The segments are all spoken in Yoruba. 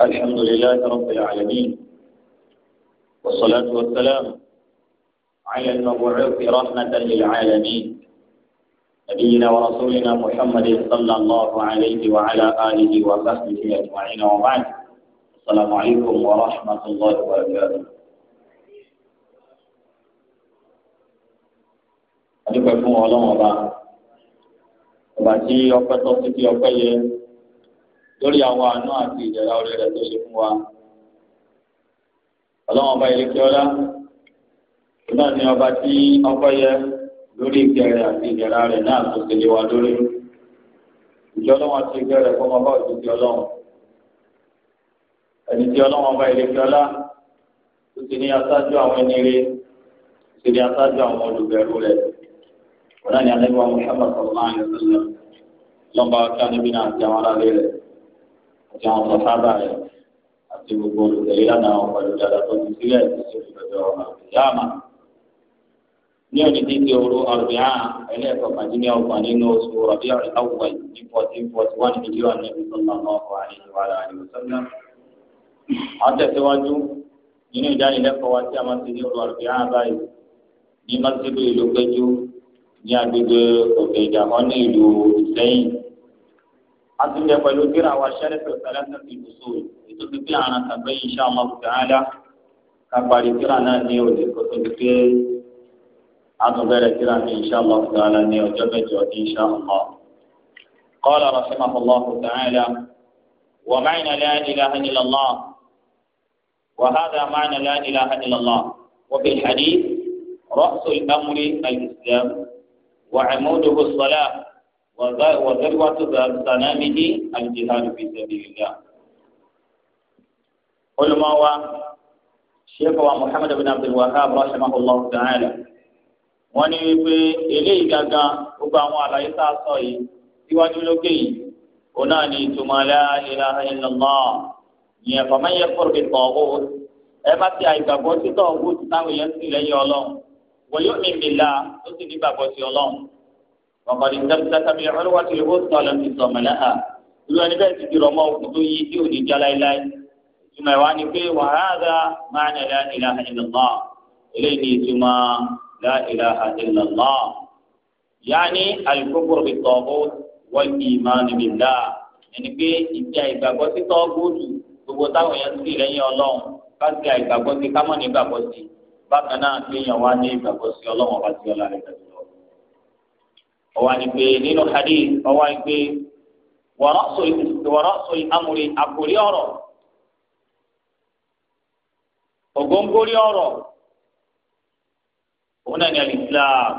الحمد لله رب العالمين والصلاة والسلام على المبعوث رحمة للعالمين نبينا ورسولنا محمد صلى الله عليه وعلى آله وصحبه أجمعين وبعد السلام عليكم ورحمة الله وبركاته أدعوكم الله وبركاته وبعد أوقات أوقات أوقات lórí àwọn àánú àti ìdẹ̀ra orí rẹ̀ tó ṣe fún wa. ọlọ́run ọba ìlẹ́kẹ́ ọlá náà ni ọba tí ọkọ yẹ lórí ìkẹrẹ àti ìdẹ̀ra rẹ̀ náà tó ṣe lé wa lórí. ìjọ ọlọ́run àti ìkẹrẹ fún ọba òtún ti ọlọ́run. ẹni tí ọlọ́run ọba ìlẹ́kẹ́ ọlá tó ti ní aṣáájú àwọn ẹni rẹ̀ ti ní aṣáájú àwọn olùbẹ̀rù rẹ̀. ọ̀nà ni alẹ́ wa Muhammad sallallahu alaihi wasallam lọ́ba ọ̀tá níbi àti àwọn sọ̀tábà rẹ̀ àti gbogbo olùdarí lánàá àwọn pẹ̀lú dada tó ti sílẹ̀ tó ti lọ́jọ́ àbíyáàmà. ní òní tí ti ooru àrùbíà ẹlẹ́ẹ̀kọ́kàndínlẹ́ ọgbọ̀n nínú oṣù rọ̀bí àwùwà ní fourteen forty one mílíọ̀nù níbi sọ́nà ọkọ̀ àríwá àríwá sọ́nà. àwọn tẹ̀síwájú nínú ìdánilẹ́kọ̀ọ́ wa tí a máa ti ní ooru àrùbíà báyìí ní masiru ìlú péjú ní agbègbè òkè ìdàkọ́ ní ìlú ìsẹ́yìn àtúnjẹ pẹ̀lú tíra wa ṣẹ́lẹ̀fẹ̀ sàlẹ́sẹ̀ ti bùsù ètò ti pé àrùn àtàgbẹ́ insha Allah ta'ala kápárí tíra náà ní òde kó tó ti pé àtúnbẹ̀rẹ̀ tíra ní insha Allah ta'ala ní ọjọ́ mẹ́jọ insha Allah. Qala rahimahullahu ta'ala wa ma'na la ilaha illa Allah wa hadha ma'na la ilaha illa Allah wa fil hadith ra'su al-amri al-islam wa 'amuduhu as-salah وذروة سنامه الجهاد في سبيل الله علماء شيخ محمد بن عبد الوهاب رحمه الله تعالى wọ́n ní wípé eléyìí gangan gbogbo àwọn àlàyé tá a sọ yìí síwájú lókè yìí òun náà ní ìtumọ̀ la ilaha illallah yẹn faman yakfur ẹ bá ti àìgbàgbọ́ sí tọ́wọ́ táwọn èèyàn sì lẹ́yìn ọlọ́run wa yu'min billah tó sì ní gbàgbọ́ sí ọlọ́run ọkọ̀ ní tẹ́tẹ́tẹ́ bí ọlọ́wọ́ ti ó sọ lọ sí sọmọlẹ́ hà irú ẹni bẹ́ẹ̀ ti di rọmọ òkú tó yí tí ò ní já láéláé ìtumọ̀ ìwà ni pé wàhálà máa ń la ilaha illallah eléyìí ni ìtumọ̀ la ilaha illallah yaani alikókòrò bí tọ́gbó wọ́n kì í máa dá ẹni pé ìdí àìgbàgbọ́ sí tọ́gbó tù gbogbo táwọn èèyàn sì ọwọ́ àdìgbé nínú hadith ọwọ́ àdìgbé wọ́rọ́sọ̀ amúri àkórí ọ̀rọ̀ ògóńgórí ọ̀rọ̀ òun náà ní alìsílám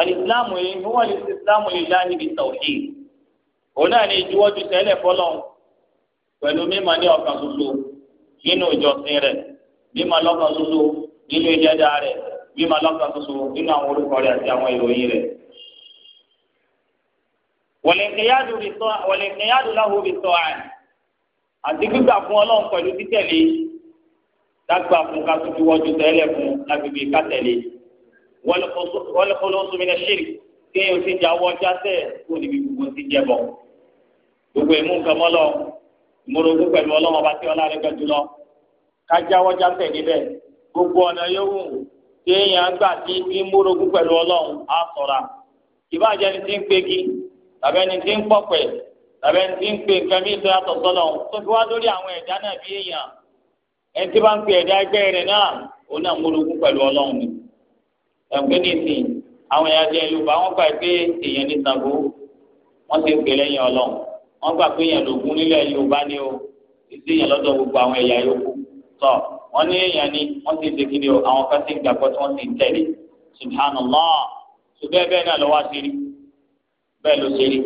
alìsílámù yìí ní wọ́n alìsílámù yìí láàyè bíi tàwùjì òun náà ní ìjuwọ́jú tẹ́lẹ̀ fọlọ́n pẹ̀lú mímọ̀ ní ọkàn ṣoṣo nínú ìjọsìn rẹ̀ mímọ̀ lọ́kàn ṣoṣo nínú ìjẹ́dá rẹ̀ mímọ alágbàtúnṣe nínú àwọn orúkọ rẹ̀ àti àwọn ìròyìn rẹ̀. wọ̀lẹ̀kẹ̀yàdù láhùn bí sọ àìn àti gbígbà fún ọlọ́run pẹ̀lú títẹ̀lé dágbà fún ká tún fi wọ́jú tẹ́lẹ̀ fún lágbègbè ká tẹ̀lé wọ́lẹ̀kọ́lọ́sọ mi náà ṣèlè kéèyàn ti jà wọ́ jásẹ̀ kó níbi gbogbo ti jẹ bọ̀ gbogbo ìmú nǹkan mọ́lọ́ ìmúrogún pẹ̀lú ọlọ́run ọba tí ọlá rẹ̀ gbẹ ká jáwọ́ jásẹ̀ níbẹ̀ gbogbo ọ̀nà yóò wù téèyàn gbà tí tí ń múrogún pẹ̀lú ọlọ́run á ṣọ́ra ìbáàjẹ́ ni tí ń pegi tàbí ẹni tí ń pọ̀pẹ̀ tàbí ẹni tí ń pe nǹkan mí ìtura tọ̀tọ̀ lọ́run tó fi wá lórí àwọn ẹ̀dá náà bí èèyàn ẹni tí bá ń pe ẹ̀dá ẹgbẹ́ rẹ̀ náà òun náà múrogún pẹ̀lú ọlọ́run ni ẹ̀gbẹ́ ní ìsìn àwọn ẹ̀yà jẹ́ yorùbá wọ́n gbà pé èèyàn ní Ṣàngó wọ́n ti ń pè lẹ́yìn ọlọ́run wọ́n gbà pé èèyàn lògún nílẹ̀ yorùbá ni o ìsìn èèyàn lọ́dọ̀ gbogbo àwọn ẹ̀yà yòókù tọ́ wọ́n ní èèyàn ni wọ́n ti dèkì ní o àwọn kan ti gbàgbọ́ tí wọ́n ti tẹ̀lé subhanallah ṣùgbọ́n bẹ́ẹ̀ náà lọ́wọ́ ṣe rí bẹ́ẹ̀ ló ṣe rí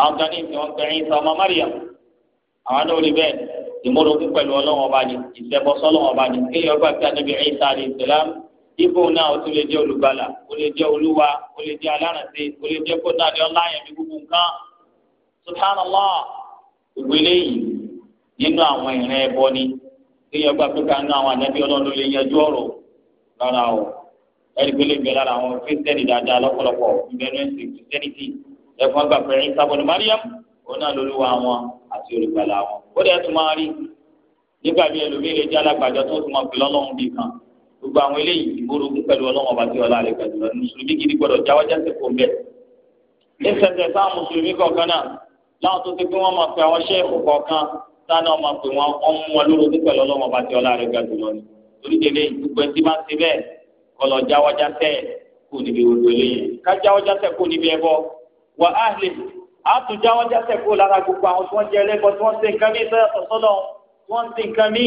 àwọn kan ní ìsìn wọn pẹ̀lú ìsìn ọmọ mariam àwọn náà rí bẹ́ẹ̀ pẹ̀lú ọba kéèyàn náà ó tún lè jẹ́ olùgbàlà ó lè jẹ́ olúwa ó lè jẹ́ alárànṣe ó lè jẹ́ kóńtà ní ọlá yẹn bí gbogbo nǹkan kéèyàn gba pé ká ná àwọn ànábì ọlọ́run ló lè yanjú ọ̀rọ̀ rárá o ẹni pé lè bẹ̀rẹ̀ lára àwọn kírísítẹ́nì dáadáa lọ́pọ̀lọpọ̀ ìbẹ̀rẹ̀ ẹ̀sìn kírísítẹ́nìtì ẹ̀fọn gba pé ẹ̀yin sábọ̀ ní mariam òun náà ló lúwa wọn àti olùgbàlà wọn ó dẹ̀ tún máa rí nígbà bí ẹlòmíì lè jẹ́ alágbàjọ tó tún máa pè lọ́lọ́run bì kan gbogbo àwọn eléyìí ìgbórógún pẹ̀lú ọlọ́run ọba tí ọlá rẹ̀ gbàdúrà mùsùlùmí gidi gbọdọ̀ jáwájá sí kò bẹ́ẹ̀ ní sẹ̀sẹ̀ sáà mùsùlùmí kọ̀ọ̀kan náà láwọn tó ti pé wọ́n máa pe àwọn ṣẹ́ẹ̀kù kọ̀ọ̀kan sáà náà máa pè wọn wọn mú wọn lórogún pẹ̀lú ọlọ́wọ́n bá ti ọlá rẹ̀ ga jùlọ ni torí délé gbogbo ẹtí máa ń ṣe bẹ́ẹ̀ kọlọ̀ jáwọ́já tẹ̀ kó níbi gbogbo eléyìí ká jáwọ́já tẹ̀ kó níbi ẹbọ wà á lè àtún jáwọ́já tẹ̀ kó lára gbogbo àwọn tí wọ́n jẹ ẹlẹ́bọ tí wọ́n ṣe nǹkan mí sọ́yàtọ̀ sọ́dọ̀ wọ́n ṣe nǹkan mí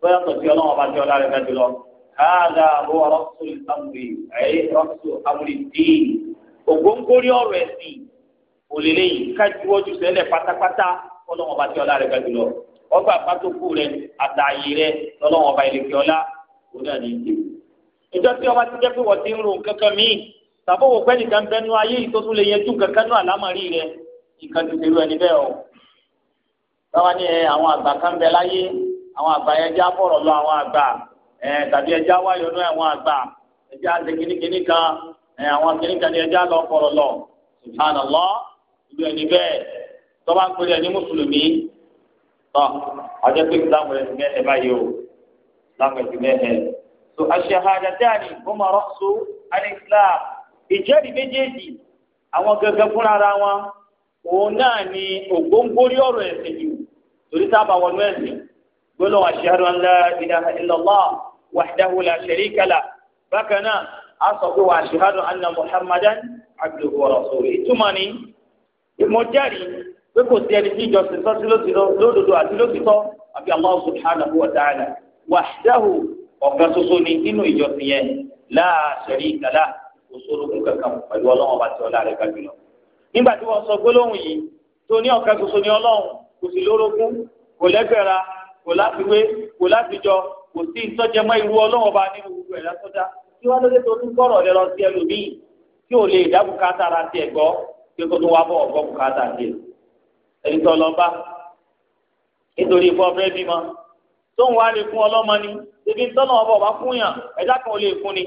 sọ́yàtọ̀ sí ọlọ́wọ́n bá ti ọlá rẹ̀ ga jùlọ káàdà bó rọ́ṣù amúlì ẹ̀ rọ́ṣù amúlì díì ọlọ́wọ́n bá ti ọlá rẹ̀ gbàgbé lọ ọgbà pátókù rẹ̀ àtàyè rẹ̀ lọ́lọ́wọ́n bá ilé kí ọlá òun náà ní ìjọ tí ọba ti jẹ́ pé wọ́n ti ń ro kankan míì tàbí òwò pẹ́ nìkan bẹnu ayé yìí tó tún lè yẹjú kankan rẹ̀ ti dèrò ẹni bẹ́ẹ̀ o. báwa ni àwọn àgbà tọ́ba ń pèrè ẹni mùsùlùmí tọ́ ọjọ́ pé ìsìlámù rẹ̀ ti mẹ́hẹ̀ báyìí o ìsìlámù rẹ̀ ti mẹ́hẹ̀. so aṣèhàdàdàní ọmọ rọ́ṣù alẹ́sìlám ìjẹ́rìí méjèèjì àwọn gẹ́gẹ́ fúnra wọn òun náà ni ògbóngbórí ọ̀rọ̀ ẹ̀sìn yìí torí sábà wọnú ẹ̀sìn gbọ́dọ̀ ashhadu an la ilaha illallah wahdahu la sharika lah wa ashhadu anna muhammadan abduhu wa ìtumọ̀ ni ìmọ̀jẹ́rìí pé kò sí ẹni tí ìjọsìn tọ́ sí lódodo àti lótìtọ́ àbí Allah subhanahu wa ta'ala wahdahu ọ̀kan ṣoṣo ni nínú ìjọsìn yẹn la sharika lah kò sórogún kankan pẹ̀lú ọlọ́run ọba tí ọlá rẹ̀ ga jùlọ. nígbà tí wọ́n sọ gbólóhùn yìí tó ní ọ̀kan ṣoṣo ni ọlọ́run kò sí lórogún kò lẹ́gbẹ̀ra kò láfiwé kò láfijọ kò sí ìtọ́jẹmọ́ irú ọlọ́run ọba nínú gbogbo ẹ̀dá ẹni tó lọ bá nítorí ikú ọ̀fẹ́ bímọ tó ń wá lè fún ọlọ́mọ ni ebi ń tọ́nà ọba ọba fún yàn ẹ̀dá kan ò lè fún ni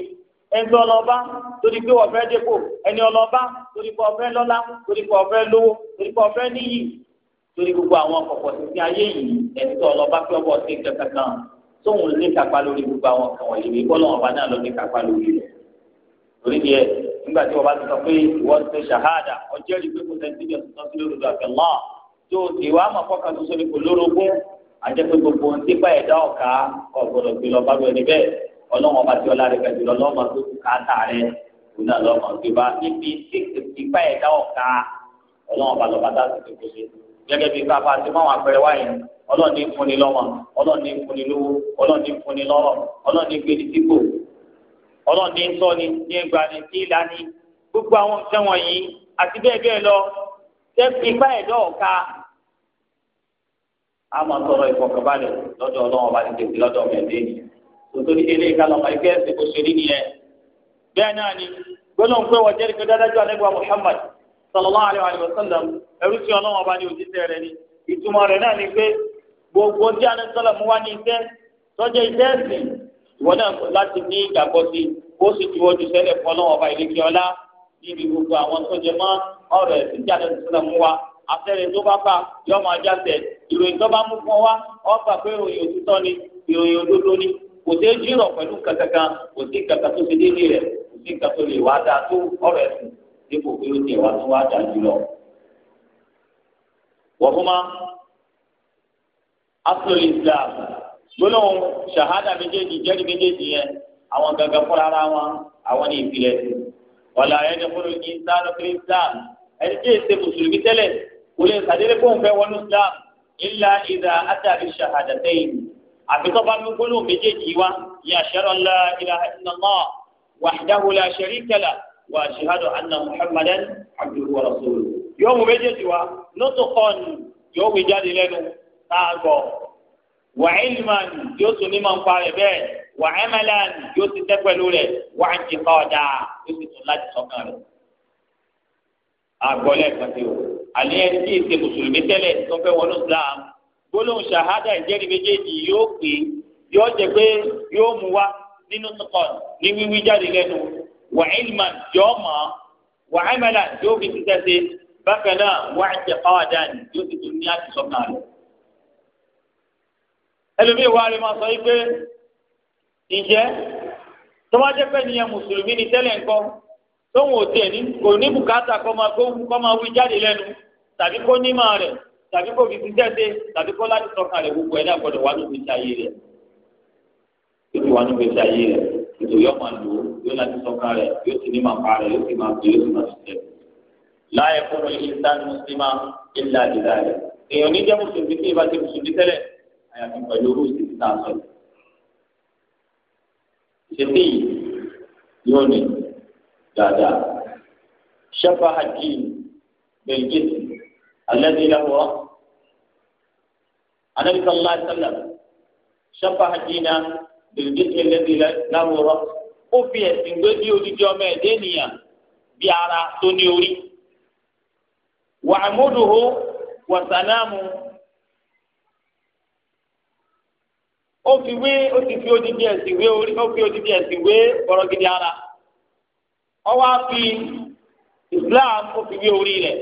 ẹni tó ọlọ́ba torí pé ọ̀fẹ́ dépò ẹni ọlọ́ba torí pé ọ̀fẹ́ lọ́lá torí pé ọ̀fẹ́ lówó torí pé ọ̀fẹ́ níyì torí gbogbo àwọn kọ̀kọ̀ títí ayé yìí ẹni tó ọlọ́ba pé ọba ọ̀sẹ̀ kankan tóun ní kápá lórí gbogbo àwọn kan wọ̀nyí wí kọ́ lọ́wọ́ ọba náà ló ní kápá lórí rẹ̀ torí díẹ̀ nígbà tí ọba ti sọ pé ìwọ́n ti ṣe ṣàhádà ọjọ́ ìgbé kò sẹ́ńtítì ọ̀sán sí lórí ọ̀sán tó ìwà àmọ̀kọ́kà tuntun ni kò lórogún àjẹpẹ́ gbogbo ohun tí báyìí dá ọ̀ka ọ̀gbọ̀dọ̀ gbé lọ bábẹ́ ẹni bẹ́ẹ̀ ọlọ́wọ́n ọba tí ọlá rẹ̀ kẹ́ jùlọ lọ́mọ tó kù káàtà rẹ̀ òun náà lọ́mọ tó bá níbi tí báyìí dá ọ̀ka ọlọ́wọ́n ọba lọ́ba dá sí gbogbo ṣe gẹ́gẹ́ bí káfá ti máa wà pẹ́rẹ́ wáyé ọlọ́ọ̀ni fúnni lọ́mọ ọlọ́ọ̀ni fúnni lówó ọlọ́ọ̀ni fúnni lọ́rọ̀ ọlọ́ọ̀ni gbèdì sípò ọlọ́ọ̀ni sọ́ni ní ẹgbàá ni kí ìlànà gbogbo àwọn nǹkan wọ̀nyí àti bẹ́ẹ̀ bẹ́ẹ̀ lọ tẹ́sí ipá ẹ̀dọ́ ọ̀ka a máa tọrọ ìfọkànbalẹ̀ lọ́dọ̀ ọlọ́run ọba títí ti lọ́dọ̀ mẹ́lẹ́ nítorí eléyìí ká lọ́mọ ẹgbẹ́ ẹ̀sìn ṣe rí nìyẹn bẹ́ẹ̀ náà ni gbọ́dọ̀ pé wọ́n jẹ́rìí pé Muhammad sallallahu wa sallam ẹrú sí ọlọ́run ọba ní ni ìtumọ̀ rẹ̀ náà ni pé gbogbo níbi gbogbo àwọn tó jẹ mọ́ ọ̀rọ̀ ẹ̀sìn tí a lè sọ̀rọ̀ mú wa àtẹ̀rẹ̀ tó bá bá yọ máa jáde ìròyìn tó bá mú fún wa ọgbà pé ìròyìn òtítọ́ ni ìròyìn òdodo ni kò sí jírọ̀ pẹ̀lú kankankan kò sí kankan tó ṣe déédéé rẹ̀ kò sí kankan tó lè wá dáa tó ọ̀rọ̀ ẹ̀sìn dípò pé ó tiẹ̀ wá tó wá dáa jùlọ. wọ́fúnmá aslul islam gbólóhùn ṣàhádà méjèèjì jẹ́rìí méjèèjì yẹn àwọn gangan fúnra wọn àwọn ní ìpìlẹ̀ sí wàlà ayédèkúrò ní sáré kiri islam ẹni tí èsè mùsùlùmí tẹ́lẹ̀ kò lè sàdédé fóun fẹ́ wọnú islam ilà ìdá àtàrí ṣahadàtẹ́yìn àfikọ́ bá mi gbólóhùn méjèèjì wá yà ṣẹ́rọ̀ ńlá ilà ìnàmọ́ wàhídáhù la ṣẹ̀ríkà la wà ṣèhádọ̀ anna muhammadan abduhu wa yóò mú méjèèjì wá nutqan yóò wí jáde lẹ́nu táàgọ̀ wàhílmán yóò tún ní màá ń parẹ́ bẹ́ẹ̀ wà ẹmẹlẹ yóò ti tẹ pẹ̀lú rẹ wà á jẹ kọọdà yóò ti tún láti sọkàn rẹ. àgọlẹ kan ti o àlẹ ẹni tí ìṣe mùsùlùmí tẹ́lẹ̀ tó fẹ́ wọnú Islam gbólóhùn ṣàhádà ìjẹ́rìí méjèèjì yóò pè é yóò jẹ pé yóò mú wa nínú sọkàn ní wíwí jáde lẹ́nu wà ilman yóò mọ wà ẹmẹlẹ yóò fi ti tẹsí bákan náà wà á jẹ kọọdà yóò ti tún ní àti sọkàn rẹ. ẹlòmíì wà ǹjẹ́ tó bá jẹ́ pé nìyẹn mùsùlùmí ni tẹ́lẹ̀ ńkọ́ tóun ò tiẹ̀ ní kò ní bùkátà kọ́ máa gbóhùn kọ́ máa wí jáde lẹ́nu tàbí kó nímọ̀ rẹ̀ tàbí kó fi tẹ́tẹ́ tàbí kó láti sọ̀kan rẹ̀ gbogbo ẹ̀ náà gbọ́dọ̀ wá lóbi ti ayé rẹ̀ lóbi wá lóbi ti ayé rẹ̀ ètò yóò máa lò yóò láti sọ̀kan rẹ̀ yóò sì nímọ̀ pa rẹ̀ yóò sì máa fi yóò sì máa ṣiṣẹ́. láyé fún ṣèpè yìí yóò ní dáadáa ṣẹ́fà àdìyí bẹ̀rẹ̀gẹ́sì alẹ́bí lọ́wọ́ anabi sallallahu alayhi wa sallam ṣẹ́fà àdìyí náà bẹ̀rẹ̀gẹ́sì alẹ́bí lọ́wọ́ ó fi ẹ̀sìn gbé bí odidi ọmọ ẹ̀dẹ́ nìyà bí ara tó ní orí wàhámúdùhù wàsánámù. ó fi wé ó ti fi odidi ẹ̀sìn wé orí ó ara ọwọ́ fi Islam ó fi wé orí rẹ̀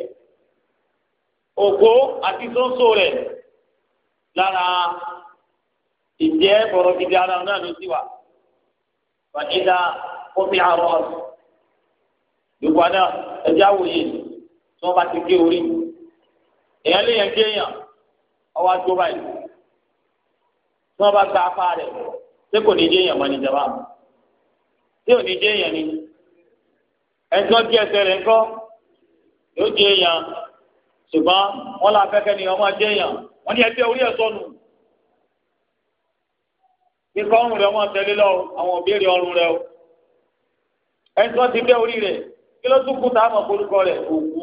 ògbó àti sọ́nsọ́ rẹ̀ lára ìjẹ́ ara náà ló sì wà wàhídà ó fi àrọ̀ ìgbàdà ẹ̀já wòye tí wọ́n bá ti gé orí èèyàn lè yẹn gé tí wọ́n bá gba afá rẹ̀ ṣé kò ní jẹ́ èèyàn mọ́ ni jàmbá tí ò ní jẹ́ èèyàn ni ẹ̀ńtọ́ di ẹsẹ̀ rẹ̀ ńkọ́ yóò jẹ́ èèyàn ṣùgbọ́n wọ́n la fẹ́kẹ́ ni ọmọ jẹ́ èèyàn wọ́n ní ẹgbẹ́ orí ẹ̀ sọnù kíkọ́ ọrùn rẹ̀ wọ́n tẹ̀lé lọ àwọn òbéèrè ọrùn rẹ̀ o ẹ̀ńtọ́ ti bẹ́ orí rẹ̀ kí ló tún kú tá a mọ̀ forúkọ rẹ̀ òkú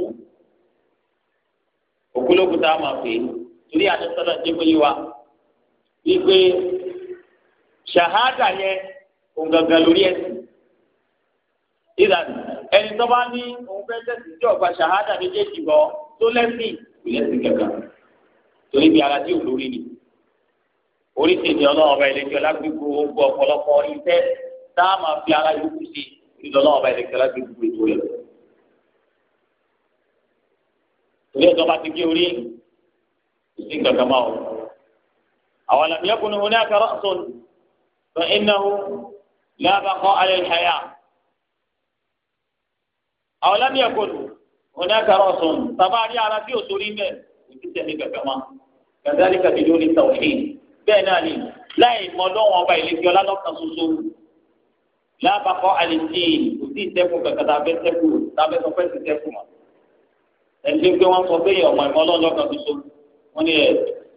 òkú ló kú tá a mọ̀ pé torí àdéṣọ́dọ̀ jẹ́ pé yí wa wípé Shahada yẹn òǹgàgà lórí ẹ̀sìn ìdàdì ẹni tó bá ní òun fẹ́ tẹ̀sí tí ọ̀gbà ṣàhádà méjèèjì bọ̀ tó lẹ́sìn ìlẹ́sìn kankan torí bí ara tí ò lórí ni oríṣi ni ọlọ́run ọba ìlẹ́jọ́ lágbègbè gbogbo ọ̀pọ̀lọpọ̀ iṣẹ́ tá a máa fi ara yòókù sí ìlọ́lọ́run ọba ìlẹ́jọ́ lágbègbè ètò rẹ̀. torí ẹ̀tọ́ bá ti gé orí ìsìn kankan máa wọ̀. أو لم يكن هناك رأس فإنه لا بقاء للحياة أو لم يكن هناك رأس طبعا على في أصولين كذلك بدون التوحيد بيناني لا يملون وبيلك ولا نقطة سوسو لا بقاء للدين وفي تكو كتابة تكو تابة تكو تكو ما اللي بيوان صبي يوم يملون لقطة سوسو وني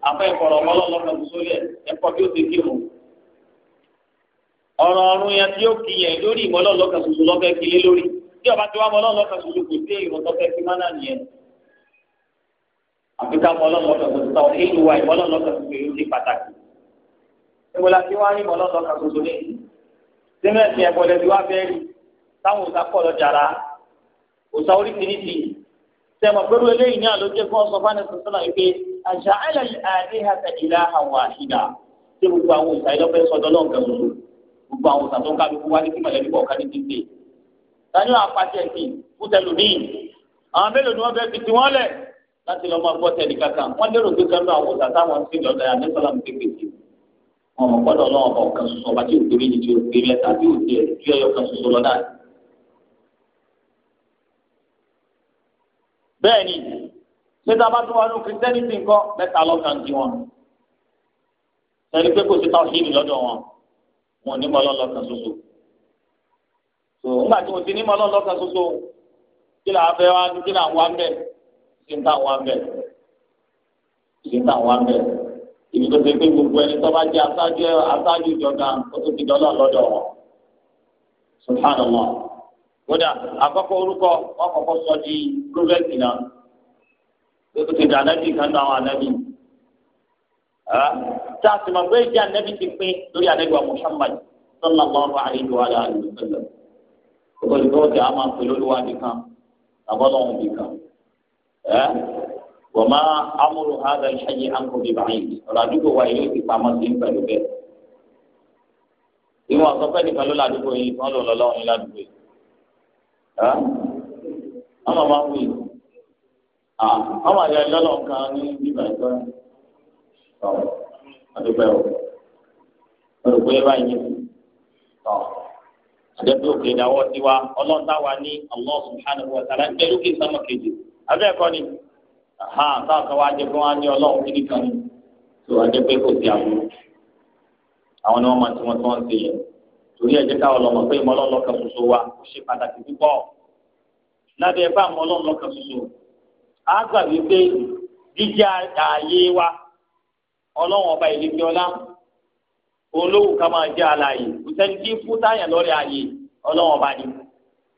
afẹ́ ìkọ̀rọ̀ ọmọlọ́ lọ́kàn tó sólẹ̀ ẹ̀kọ́ bí ó ti kí mu. ọ̀rọ̀ ọ̀run yẹn tí ó kì yẹn lórí ìmọ̀lọ́ lọ́kàn ṣoṣo lọ́fẹ́ kílé lórí tí ọba tí wàá mọ̀lọ́ lọ́kàn ṣoṣo kò dé ìrùn tọ́fẹ́ kí má náà nìyẹn. àfikà mọ̀lọ́ lọ́kàn ṣoṣo táwọn èyí wa ìmọ̀lọ́ lọ́kàn ṣoṣo yóò ṣe pàtàkì. níbo la ti wá rí mọ̀lọ́ lọ́kàn ṣoṣo ní sẹ́mẹ̀tì ẹ̀bọ̀lẹ̀ tí wàá fẹ́ rí táwọn òòsà kọ̀ lọ jàrá àjàálẹ̀ àdéhà tẹ̀lé àwọn àṣìdá tí gbogbo àwọn òòṣà ìlọ́pẹ́ sọ́dọ́ náà gan lòlò gbogbo àwọn òòṣà tó ń kálukú wá ní kí mọ̀lẹ́bí kọ̀ọ̀kan ní títì tani wọn apàṣẹ ẹ̀sìn fún tẹlómìn àwọn mélòó ni wọn fẹ́ fi ti wọn lẹ̀ láti lọ́ọ́ máa gbọ́ tẹ̀lé kankan wọ́n lérò pé kẹ́lú àwọn òòṣà táwọn ń sìn lọ́dọ̀ yà nísọ̀lá mi kékeré wọn mọ̀ gbọ́dọ̀ lọ́dà. bẹ́ẹ̀ni títa bá tún wà ní kìrìsìtẹ́nìtì nǹkan mẹ́ta lọ́kàn di wọn sẹ́ni pé kò sí tawhid lọ́dọ̀ wọn wọn ò ní mọ́ lọ́lọ́kan ṣoṣo tó ńgbà tí wọn ti ní mọ́ lọ́lọ́kan ṣoṣo kí là á fẹ́ wá kí là ń wá bẹ́ẹ̀ kí n tà wá bẹ́ẹ̀ kí n tà wá bẹ́ẹ̀ ibi tó ṣe pé gbogbo ẹni tó bá jẹ́ aṣáájú aṣáájú ìjọba ó tó ti dọ́là lọ́dọ̀ wọn subhanallah kódà àkọ́kọ́ orúkọ wọn kọ́kọ́ sọ di prọfẹ̀tì náà lórí ti dànàbí kan náà àwọn ànábì tá a sì mọ̀ pé ìdí ànábì ti pín lórí ànábì wa Muhammad sallallahu alayhi wa alayhi wa sallam olùkọ́ ọ̀kẹ́ a máa pè lóluwà nìkan àbọ̀lọ́hún nìkan wọ́n máa amúrò hàdà ìṣẹ́yẹ àǹkóbi báyìí ọ̀rọ̀ àdúgbò wa yìí ó ti pamọ́ sí ń pẹ̀lú bẹ́ẹ̀ ìwọ̀n àkọ́kọ́ nìkan ló ládùúgbò yìí wọ́n lò lọ́lọ́run ní ládùúgbò yìí ọmọ àyà ìlọ́lọ́ kan ní bíbá ìgbà tọ́ àdúgbò ẹ̀wọ̀ olùkó yẹ báyìí tọ́ àdẹ́bí òkè ìdáwọ́ tiwa ọlọ́ta wa ní Allah subhanahu wa ta'ala ń tẹ́lú kí n sọmọ kejì abẹ́ ẹ̀kọ́ ni sáàkà wa jẹ́ pé wọ́n á ní ọlọ́run kíní kan ní tó àjẹ́ pé kò sí àbúrò àwọn ni wọ́n máa tí wọ́n tí wọ́n ń ṣe yẹn torí ẹ̀jẹ̀ káwọn lọ́mọ pé ìmọ̀lọ́lọ́kan ṣoṣo wa ó ṣe pàtàkì púpọ̀ lábẹ́ ẹ̀fà ìmọ̀lọ́lọ́kan ṣoṣo á gbà wípé jíjá ààyè wa ọlọ́run ọba ìlẹ́kẹ́ ọlá òun ló wù ká máa jẹ́ àlàyé kò sẹ́ni tí fún táyà lórí ààyè ọlọ́run ọba ni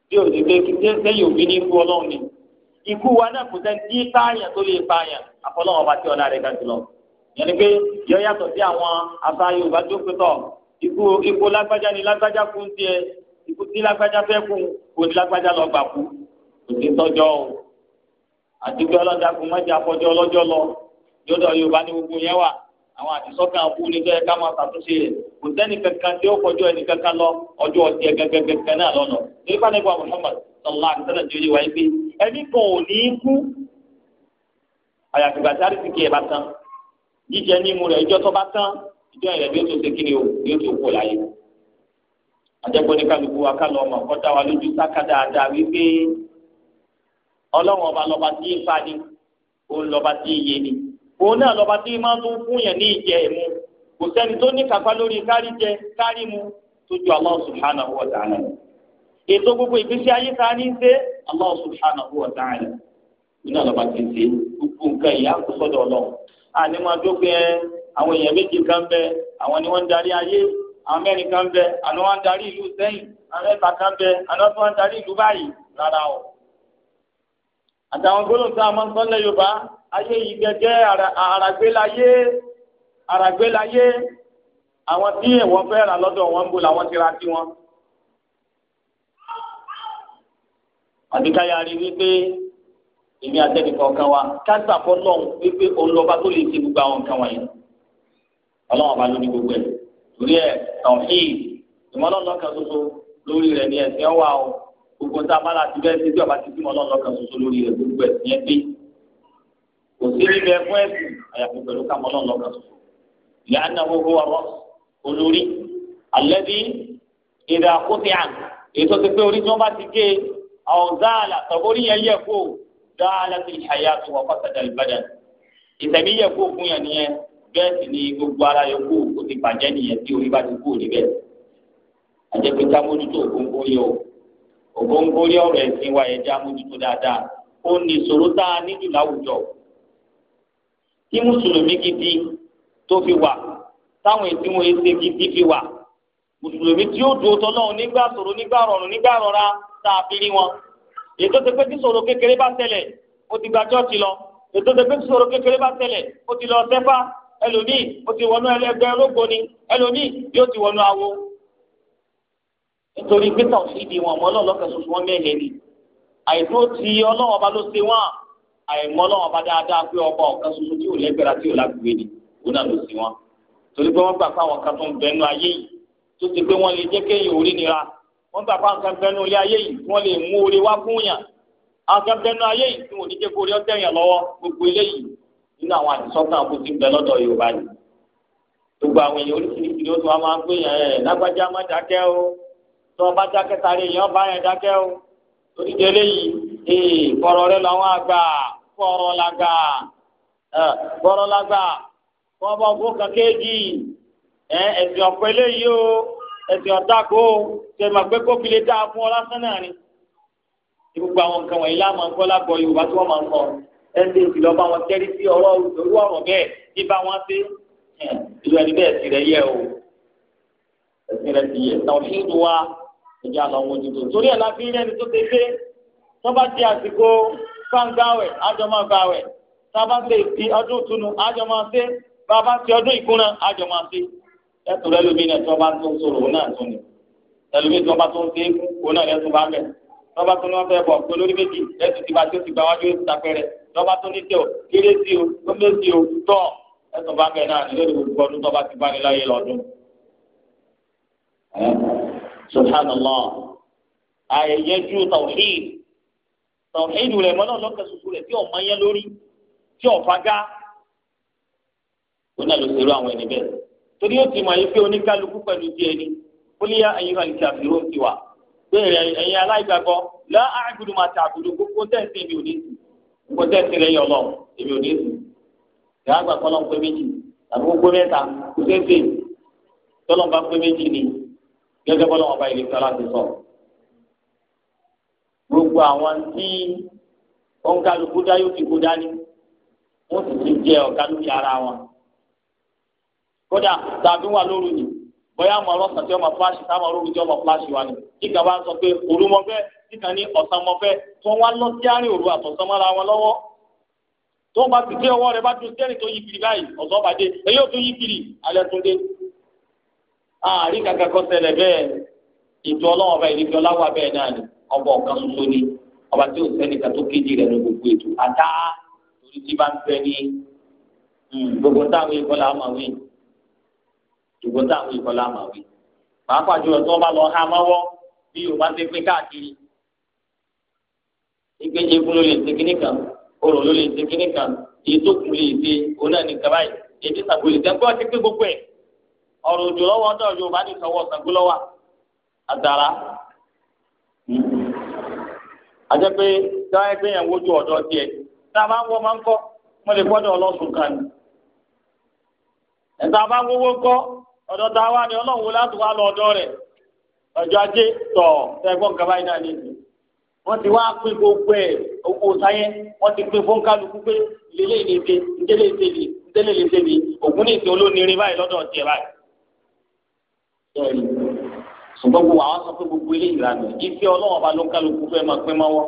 bí o ti gbé sẹ́yìn òbí ní ikú ọlọ́run ni ikú wa náà kò sẹ́ni tí táyà tó lè pààyàn àfọlọ́run ọba tí ọlá rẹ̀ ga jùlọ yẹn ni pé yọ yàtọ̀ sí àwọn àṣà Yorùbá tó pé tọ̀ ikú ikú lágbájá ni lágbájá kú ń tiẹ̀ ikú tí lágbájá fẹ́ kú kò ní lágbájá lọ gbà kú kò sí tọ́jọ́ àdúgbò ọlọ́dàkùn mọ́jà àfọjọ́ ọlọ́jọ́ lọ lọ́dọ̀ yorùbá ní gbogbo yẹn wà àwọn àtisọ́kàn àbú ní bẹ́ẹ̀ ká máa ṣàtúnṣe rẹ̀ kò sẹ́ni kankan tí ó kọjọ́ ẹni kankan lọ ọjọ́ ọtí ẹgẹgẹgẹgẹ náà lọ́nà lórí pàdébà Muhammad sọlá àtẹnà tí ó yé wáyé pé ẹni kan ò ní í kú àyàfìgbà tí arísìkì ẹ̀ bá tán jíjẹ ní imú rẹ̀ ìjọ tó bá tán ìjọ rẹ̀ bí ó tó ṣe kí ni o bí ó tó kú láyé àjẹpọ̀ ní kálukú akálọ̀ ọmọ kọ́ta wa lójú sáká dáadáa wípé ọlọ́run ọba lọ́ba tí ń fa ni òun lọ́ba tí ń yé ni òun náà lọ́ba tí máa tún fún yẹn ní ìjẹ mu kò sẹ́ni tó ní kápá lórí kárí jẹ kárí mu tó ju Allah subhanahu wa ta'ala ètò gbogbo ìgbésí ayé ta ní ṣe Allah subhanahu wa ta'ala òun náà lọ́ba tí ń ṣe gbogbo nǹkan ìyá kò sọ́dọ̀ ọlọ́run àní máa dópin ẹ àwọn èèyàn méjì kan bẹ àwọn ni wọ́n darí ayé àwọn mẹ́rin kan bẹ àwọn wọn darí ìlú sẹ́yìn àwọn mẹ́ta kan bẹ àwọn tó wọn darí ìlú báyìí rárá o àtàwọn gbólóhùn tá a máa ń sọ lẹ yorùbá ayé yìí gẹ́gẹ́ àràgbélayé àràgbélayé àwọn tí èèwọ̀n fẹ́ rà lọ́dọ̀ wọn ń bò làwọn ti ra sí wọn. àbíkáyà rí wípé èmi àtẹnìkan kan wa káńtà fọlọ́n wípé olùlọ́ba tó lè ṣe gbogbo àwọn nǹkan wọ̀nyí ọlọ́wọ́n bá lóní gbogbo ẹ̀ torí ẹ̀ tàn hí ìmọ̀lọ́lọ́ kan ṣoṣo lórí rẹ̀ ní ẹ̀sìn ọ̀wà o gbogbo tá a bá láti bẹ́ẹ̀ ṣe tí ọba ti bímọ náà lọ́kàn ṣoṣo lórí rẹ̀ gbogbo ẹ̀ yẹn pé kò sí níbi ẹ̀fún ẹ̀sìn àyàfi pẹ̀lú kámọ́ náà lọ́kàn ṣoṣo ìyá àná gbogbo ọ̀rọ̀ olórí alẹ́ bí ìdá kóti àn ètò ti pé orí tí wọ́n bá ti gé e, àwọn dáàlà tọ́gbó orí yẹn yẹ kó dáàlà ti ṣàyà tó wọ́n kọ́ sẹ́dá ìbàdàn ìtẹ̀mí yẹ kó fún yẹn nìyẹn bẹ́ẹ̀ sì ni gbogbo ara yẹ kó o ti bàjẹ́ nìyẹn tí orí bá ti kú òní bẹ́ẹ̀ àjẹpẹ́ táwọn ojútó yẹ o ògóńgóri ọ̀rọ̀ ẹ̀sìn wa ẹ̀jẹ̀ amójútó dáadáa ó ní ìṣòro tá a níjù láwùjọ kí mùsùlùmí gidi tó fi wà táwọn èsì wọn èsì gidi fi wà mùsùlùmí tí ó dúró tọ́ náà nígbà ṣòro nígbà rọrùn nígbà rọra tá a fi rí wọn ètò ti pé tí ṣòro kékeré bá tẹ̀lẹ̀ ó ti gba chọ́ọ̀chì lọ ètò ti pé tí ṣòro kékeré bá tẹ̀lẹ̀ ó ti lọ sẹ́fà ẹlòmíì ó ti wọnú ẹlẹgbẹ́ ológboni ẹlòmíì yóò ti wọnú awo nítorí pé tàwọn ìdí wọn mọ Ọlọ́run lọ́kàn ṣoṣo wọn mẹ́lẹ̀ ni àìdúró ti Ọlọ́run ọba ló ṣe wọn àìmọ Ọlọ́run ọba dáadáa pé ọba ọ̀kan ṣoṣo tí ò lẹ́gbẹ̀rà tí ò ni òun náà ló ṣe wọn torí pé wọ́n gbà pé àwọn kan tó ń bẹnu ayé yìí tó ti pé wọ́n lè jẹ́ kéèyàn orí nira wọ́n gbà pé àwọn kan bẹnu ilé ayé yìí wọ́n lè mú orí wá fún yàn àwọn kan bẹnu ayé yìí tí wọ́n ní jẹ́ kó orí ọ̀tẹ̀ gbogbo àwọn èèyàn oríṣiríṣi ló tún wá máa ń pè yàn lágbájá má dákẹ́ o tó ọba dákẹ́ sáré yẹn ọba yẹn dákẹ́ o onídìí eléyìí ee fọ̀rọ̀ rẹ làwọn àgbà fọ̀rọ̀ làgbà fọ̀rọ̀ làgbà fọ̀rọ̀ ọgbó kàkéèjì ẹ ẹ̀sìn ọ̀pẹ eléyìí o ẹ̀sìn ọ̀dàkó o ṣe máa pé kófì lè dáa fún ọ lásán náà ni gbogbo àwọn nǹkan wọ̀nyí láàmú ọgbọ́n lágbọ̀ Yorùbá tí wọ́n máa ń sọ ẹ̀sìn ìfìlọ́ bá wọn tẹ́rí sí ọ̀rọ̀ òru ọ̀rọ̀ bẹ́ẹ̀ bí bá wọn ṣe ìlú ẹni bẹ́ẹ̀ sì rẹ yẹ o ẹ̀sìn rẹ ti yẹ tàwọn ṣíṣ ìjà lọ mójútó torí ẹ̀ láti rí ẹni tó ti dé tó bá di àsìkò fáńgáwẹ̀ àjọ máa gbàwẹ̀ tá a bá ṣe ti ọdún ìtúnu àjọ máa ṣe bá a bá ṣe ọdún ìkúnná àjọ máa ṣe ẹtù rẹ lómi náà tí wọn bá tó sọ̀rọ̀ òun náà tún ni ẹlòmíì tí wọn bá tó ń ṣe òun náà lẹsùn bá bẹ tí bá tó ní wọn fẹ́ bọ pé lórí méjì lẹsùn ti bá tí ti gba wájú èsì tapẹrẹ tí bá tó ní tẹ o kéré sí o tó lé sí o tọ ẹsùn bá bẹ náà ní lórí gbogbo ọdún tí bá ti bá ní láyé lọ́dún. subhanallah ààyè yẹjú tawhid tawhid rẹ mọlọ lọkẹsùsù rẹ tí ò mọ yẹn lórí tí ò fagá wọn náà ló ṣerú àwọn ẹni bẹ́ẹ̀ torí ó ti mọ ní ẹ̀yin àlùkí ní sí gbogbo tẹsí rẹ yọ lọ gẹ́gẹ́ bọ́lá wọn bá ilé sọ láti sọ. gbogbo àwọn tí òǹkàlùkù dá yóò kú dání wọ́n sì ti jẹ ọ̀kàlùkù ara wọn. kódà tàbí wà lóru ni bóyá àwọn ọlọ́sàn tí wọ́n máa fúláṣì táwọn olórí tí wọ́n máa fúláṣì wa ni kíkà wá sọ pé òru mọ fẹ́ kíkà ní ọ̀sán mọ fẹ́ tí wọ́n wá lọ sí àárín òru àtọ̀sán mọ́ra wọn lọ́wọ́ tí wọ́n bá ti dé ọwọ́ rẹ bá dùn sẹ́rìn tó yí kiri báyìí ọ̀sán bàdé èyí ò tún yí kiri alẹ́ tún dé àárín kankan kọ́ ṣẹlẹ̀ bẹ́ẹ̀ ètò ọlọ́run ọba ìdíkẹ́ ọláwà bẹ́ẹ̀ náà ni ọba ọ̀kan ṣoṣo ni ọba tí ò sẹ́ni kan tó kéjì rẹ̀ ní gbogbo ètò àtá torí tí bá ń bẹ ní hmm, gbogbo táwọn ìkọlà àmàwé gbogbo táwọn ìkọlà àmàwé pàápàá jùlọ tí wọ́n bá lọ ha mọ́wọ́ bí yorùbá ti pín káàkiri ìgbé egun ló lè ṣe kíní kan orò ló lè ṣe kíní kan èyí tó kù lè ṣe onáà ní kaba yìí èyí tó sàgbó ti pín gbogbo ẹ̀ ọ̀rọ̀ òjò lọ́wọ́ ọ̀dọ̀ yorùbá ní ìsanwó ọ̀sàgbó lọ́wọ́ àdàrà. àjẹ́ pé táwọn ẹgbẹ́ yẹn wojú ọ̀dọ́ tiẹ̀ tá a bá ń wọ́ máa ń kọ́ mo lè gbọ́dọ̀ ọlọ́sùn kan ni. ẹ̀ta bá ń wọ́wọ́ kọ́ ọ̀dọ́ ta wá ní ọlọ́run láti wá lọ ọ̀dọ́ rẹ̀ ọjọ́ ajé tọ̀ ẹgbọ́n kaba iná ni wọ́n ti wá pín gbogbo ẹ̀ owó sáyẹ́ wọ́n ti pín fún kálukú pé ìdílé ìdíje ìdílé ìdíje ìdílé ní ìsìn olónírin báyìí lọ́dọ̀ tiẹ̀ báyìí lórí ṣùgbọ́n gbogbo àwọn sọ pé gbogbo ilé ìlànà ìfẹ́ ọlọ́wọ́n bá ló ń kálukú fẹ́ máa pín mọ́wọ́.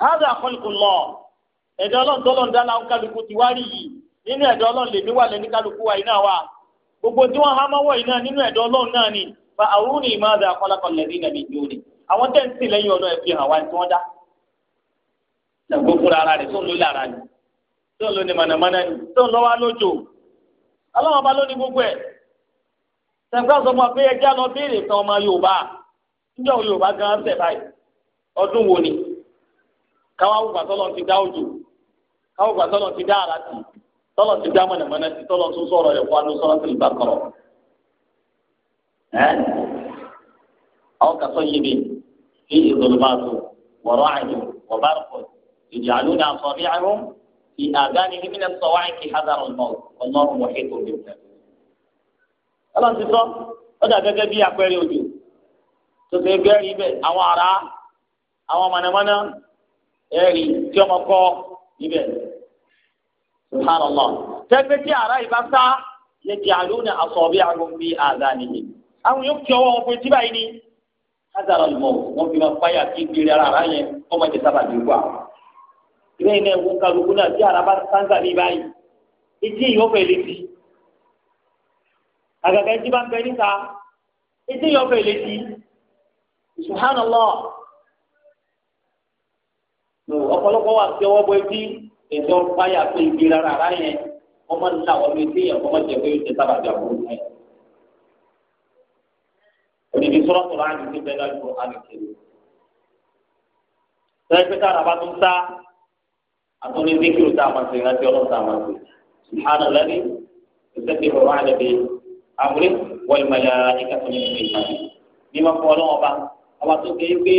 káàdà àkọlùkù lọ ẹ̀dọ́ ọlọ́ọ̀dọ́lọ́ ń dáná ń kálukú ti wá rí yìí nínú ẹ̀dọ́ ọlọ́ọ̀ lèmi wà lẹ́ni kálukú wa iná wa gbogbo tí wọ́n há mọ́wọ́ yìí náà nínú ẹ̀dọ́ ọlọ́ọ̀ náà ni fa àrùn ìmáàdà àkọlákọ̀lẹ́rì nàbí ìjọ́ni àwọn tẹ́ ń sìn lẹ́yìn ọ̀nà ẹ̀fì hàn wá tí wọ́n dá gbogbo fúnra ara rẹ̀ tó ń lo ilé ara ni tó ń lo ní mànàmáná sẹ̀ńtà sọ fún wa pé ẹjẹ́ lọ béèrè tán ọmọ Yorùbá níjọ́ Yorùbá gan ṣẹ̀ báyìí ọdún wo ni káwá wùgbà tọ́lọ̀ ti dá òjò káwá wùgbà tọ́lọ̀ ti dá àrà tì tọ́lọ̀ ti dá mọ̀nàmọ́ná tì tọ́lọ̀ tún sọ̀rọ̀ rẹ̀ fún anúsọ̀rọ̀ tó ìgbà kọ̀rọ̀ ẹ́ àwọn kàtọ́ yìí bi fi ìdòlùmáàtò wọ̀rọ̀ àjò wọ̀bárùkọ̀ ìjàlún àṣọ àrùn ìhàgánihìmínà ọlọ́run ti sọ ọjà gẹ́gẹ́ bí apẹ̀rẹ̀ òjò tó ṣe gẹ́rì bẹ́ẹ̀ àwọn ará àwọn mọ̀nàmọ́ná ẹ̀rì tí ọmọ kọ́ ibẹ̀ subhanallah tẹ́gbẹ́ tí ará ìbá sá yẹ ti àlù ní asọ̀bí àgùn bíi àdá nìyí àwọn yóò kí ọwọ́ wọn pé tí báyìí ni hazara lọ wọn fi máa fáyà kí kiri ara ara yẹn ọmọ ìjẹta bàbí wà ìrẹ́yìn náà wọn kálukú náà tí ará bá sáńgà ní báyìí etí ìyọ́fẹ́ létí àgàgà ẹtí bá ń bẹ níta etí yọ ọbẹ̀ létí subhanallah ọ̀pọ̀lọpọ̀ wà sí ọwọ́ bọ etí ẹ̀sọ́ fáyà pé ibi rárá rárá yẹn wọ́n máa ń ná àwọn etí yẹn wọ́n máa jẹ pé yóò ṣe sábà jà fún un. Òdìdí sọ́rọ́ sọ̀rọ̀ àyè ti bẹ́ẹ̀ lọ́jọ́ àmì kiri. Sọ́yìn pé káàrà bá tún sá àtúndí tá a máa ṣe ìrántí ọlọ́run tá a máa ṣe. Subhanallah ni ìṣẹ́kì ìfọwọ́ àdàbí àwòrán wọlùmọlẹ ìka tó ní ìlú ìpàdé mímọ́ fún Ọlọ́run ọba ọba tó ké pé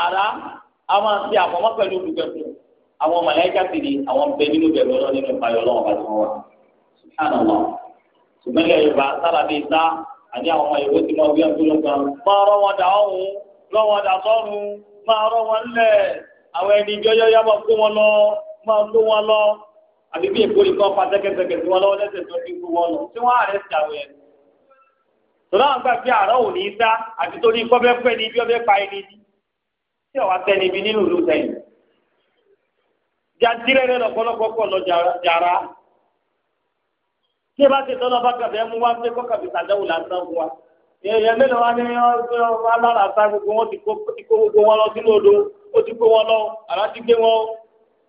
ara a máa ṣe àpamọ́ pẹ̀lú olùgbẹ̀kù àwọn mọlẹ́kà sì ni àwọn bẹ nínú bẹ̀rù Ọlọ́run nínú ìpàdé Ọlọ́run ọba tó wà sùkánà wọn ṣùgbọ́n ilẹ̀ Yorùbá sára bíi sá àti àwọn ọmọ ìwé tí wọ́n wí ọdún lọ́gbọ̀n máa rọ́ wọn dà ọ̀hún rọ́ wọn dà sọ́run máa rọ́ wọn lẹ̀ àwọn ẹni àbí bí èkó yìí kọ́ pa sẹ́kẹ́sẹ́kẹ́ sí wọn lọ́wọ́ lẹ́sẹ̀ tó ti kú wọn lọ tí wọ́n àrẹ ti àwọn yẹn. tòlá àwọn gbàgbé àárọ̀ òní sá àti torí kọ́fẹ́ pẹ́ ni bí ọbẹ̀ pa ẹni ní tí ọ̀wá sẹ́ni bí nínú ìlú sẹ́yìn. jantirẹ́rẹ́ lọ́pọ̀lọpọ̀ pọ̀ lọ jàrá. tí ẹ bá ti tọ́lọ́ bá kàfẹ́ mú wá pé kọ́kàfẹ́ sàdáwò lásán fún wa. èèyàn mélòó wá ní alára sá gbogbo wọn ti kó gbogbo wọn lọ sínú odò ó ti kó wọn lọ àrà ti gbé wọn.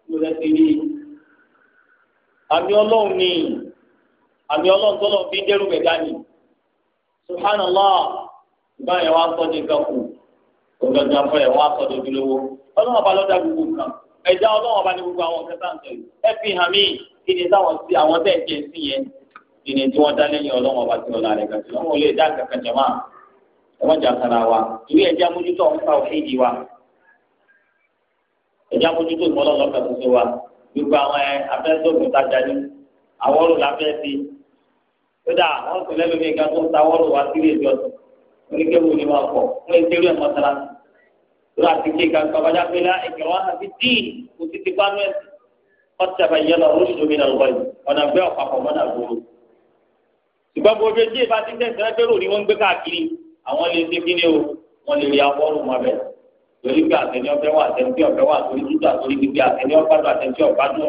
mo rẹ̀ ti rí i àmì ọlọ́run ni àmì ọlọ́run tó lọ fi dẹ́rù gbẹ̀dá ni subhanallah ìbá yẹn wá sọ ní nǹkan kù ọ̀dọ̀dọ̀ afọ yẹn wá sọ ní ojúlówó ọlọ́run ọba lọ́dà gbogbo nǹkan ẹ̀dá ọlọ́run ọba ní gbogbo àwọn nǹkan tá à ń sọ yìí ẹ fi hàn mí kí ni táwọn sí àwọn tẹ̀ ń jẹ sí yẹn kí ni tí wọ́n dá lẹ́yìn ọlọ́run ọba tí ọ̀la rẹ̀ kàtí wọn lè dá kankan jẹ gbogbo àwọn abẹ́sọ̀gùn tajà ní àwọ̀rò lábẹ́ ti kódà wọ́n sì lẹ́nu mi gan tó ń ta àwọ̀rò wá sílé ìjọ oníkéwu ni wọn kọ fún ìṣerú ẹ̀ mọ́sálásí lórí àti kí kan kọ́ bàjá pé láì kẹwàá àti díì kò ti ti pánú ẹ̀ ọ̀tẹ̀bẹ̀ yẹn lọ oṣù mi nà lọ́yìn ọ̀nà bẹ́ ọ̀pàpọ̀ mọ́nà gbòòrò ṣùgbọ́n gbogbo ojú ìbá ti tẹ̀sán ẹgbẹ́rún ni wọ́n ń gbé káàkiri àwọn lè ṣe kí ni o wọ́n lè rí afọ́rùn mọ́ bẹ́ẹ̀ torí pé àtẹni ọbẹ wà àtẹnudí ọbẹ wà torí títà torí gbígbé àtẹni ọgbàdùn àtẹnudí ọgbàdùn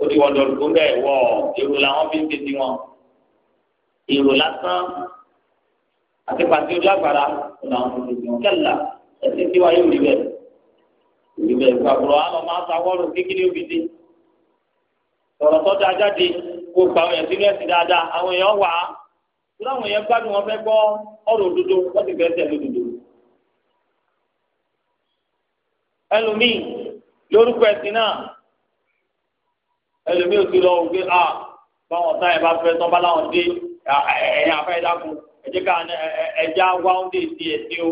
ó ti wọdọ lùkọ bẹ́ẹ̀ wọ èrò làwọn fi ń tètè wọn èrò lásán àti pàtí ojú àgbàrá làwọn fi tètè wọn kẹlà ẹsẹ tí wàá yóò rí bẹ́ẹ̀ rí bẹ́ẹ̀ gbàgbọrọ àwọn máa ń sawọrò kékeré òbí dé sọ̀rọ̀ tó dáa jáde kó gba àwọn èèyàn sínú ẹ̀sìn dáadáa àwọn èèyàn wà á tí láwọn èèyàn gbádùn wọn fẹ́ gbọ́ ọ̀rọ̀ òdodo wọ́n ti fẹ́ tẹ̀ lódodo ẹlòmíì lórúkọ ẹ̀sìn náà ẹlòmíì ò ti lọ òwe a báwọn táyà bá fẹ́ tán bá láwọn dé ẹ̀yìn afẹ́ dákun ẹ̀jẹ̀ ká ẹ̀jẹ̀ wá oúnjẹ ìsìn ẹ̀sìn o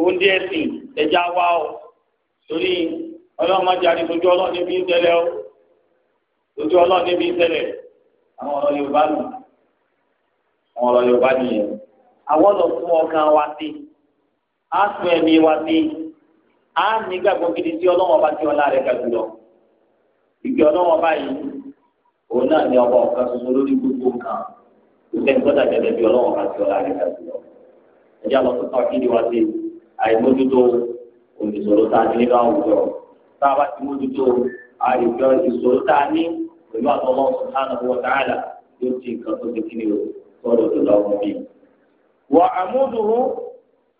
oúnjẹ ẹ̀sìn ẹ̀jẹ̀ wá o torí ọlọ́mọdé àdìgbòjú ọlọ́ọ̀ níbi ń tẹ̀lé o ojú ọlọ́ọ̀ níbi ń tẹ̀lé àwọn ọ̀rọ̀ Yorùbá nù àwọn ọ̀rọ̀ Yorùbá nìyẹn àwọn ọ̀dọ̀ fún ọkàn wa sí á sún ẹ̀mí wa sí á ní gbàgbọ́ gidi tí ọlọ́wọ́n bá ti ọlá rẹ̀ ga jùlọ ìgbẹ́ ọlọ́wọ́n báyìí òun náà ní ọba ọ̀kan tuntun lórí gbogbo kan kò sẹ́ni tó dàgbẹ́ bẹ́ẹ̀ bí ọlọ́wọ́n bá ti ọlá rẹ̀ ga jùlọ ẹjẹ́ àlọ́ tó kọ́ kíni wá sí àìmójútó òmìnirò tá a ní nínú àwùjọ tá a bá ti mójútó àìjọ ìṣòro tá a ní pẹ̀lú àtọ́lọ́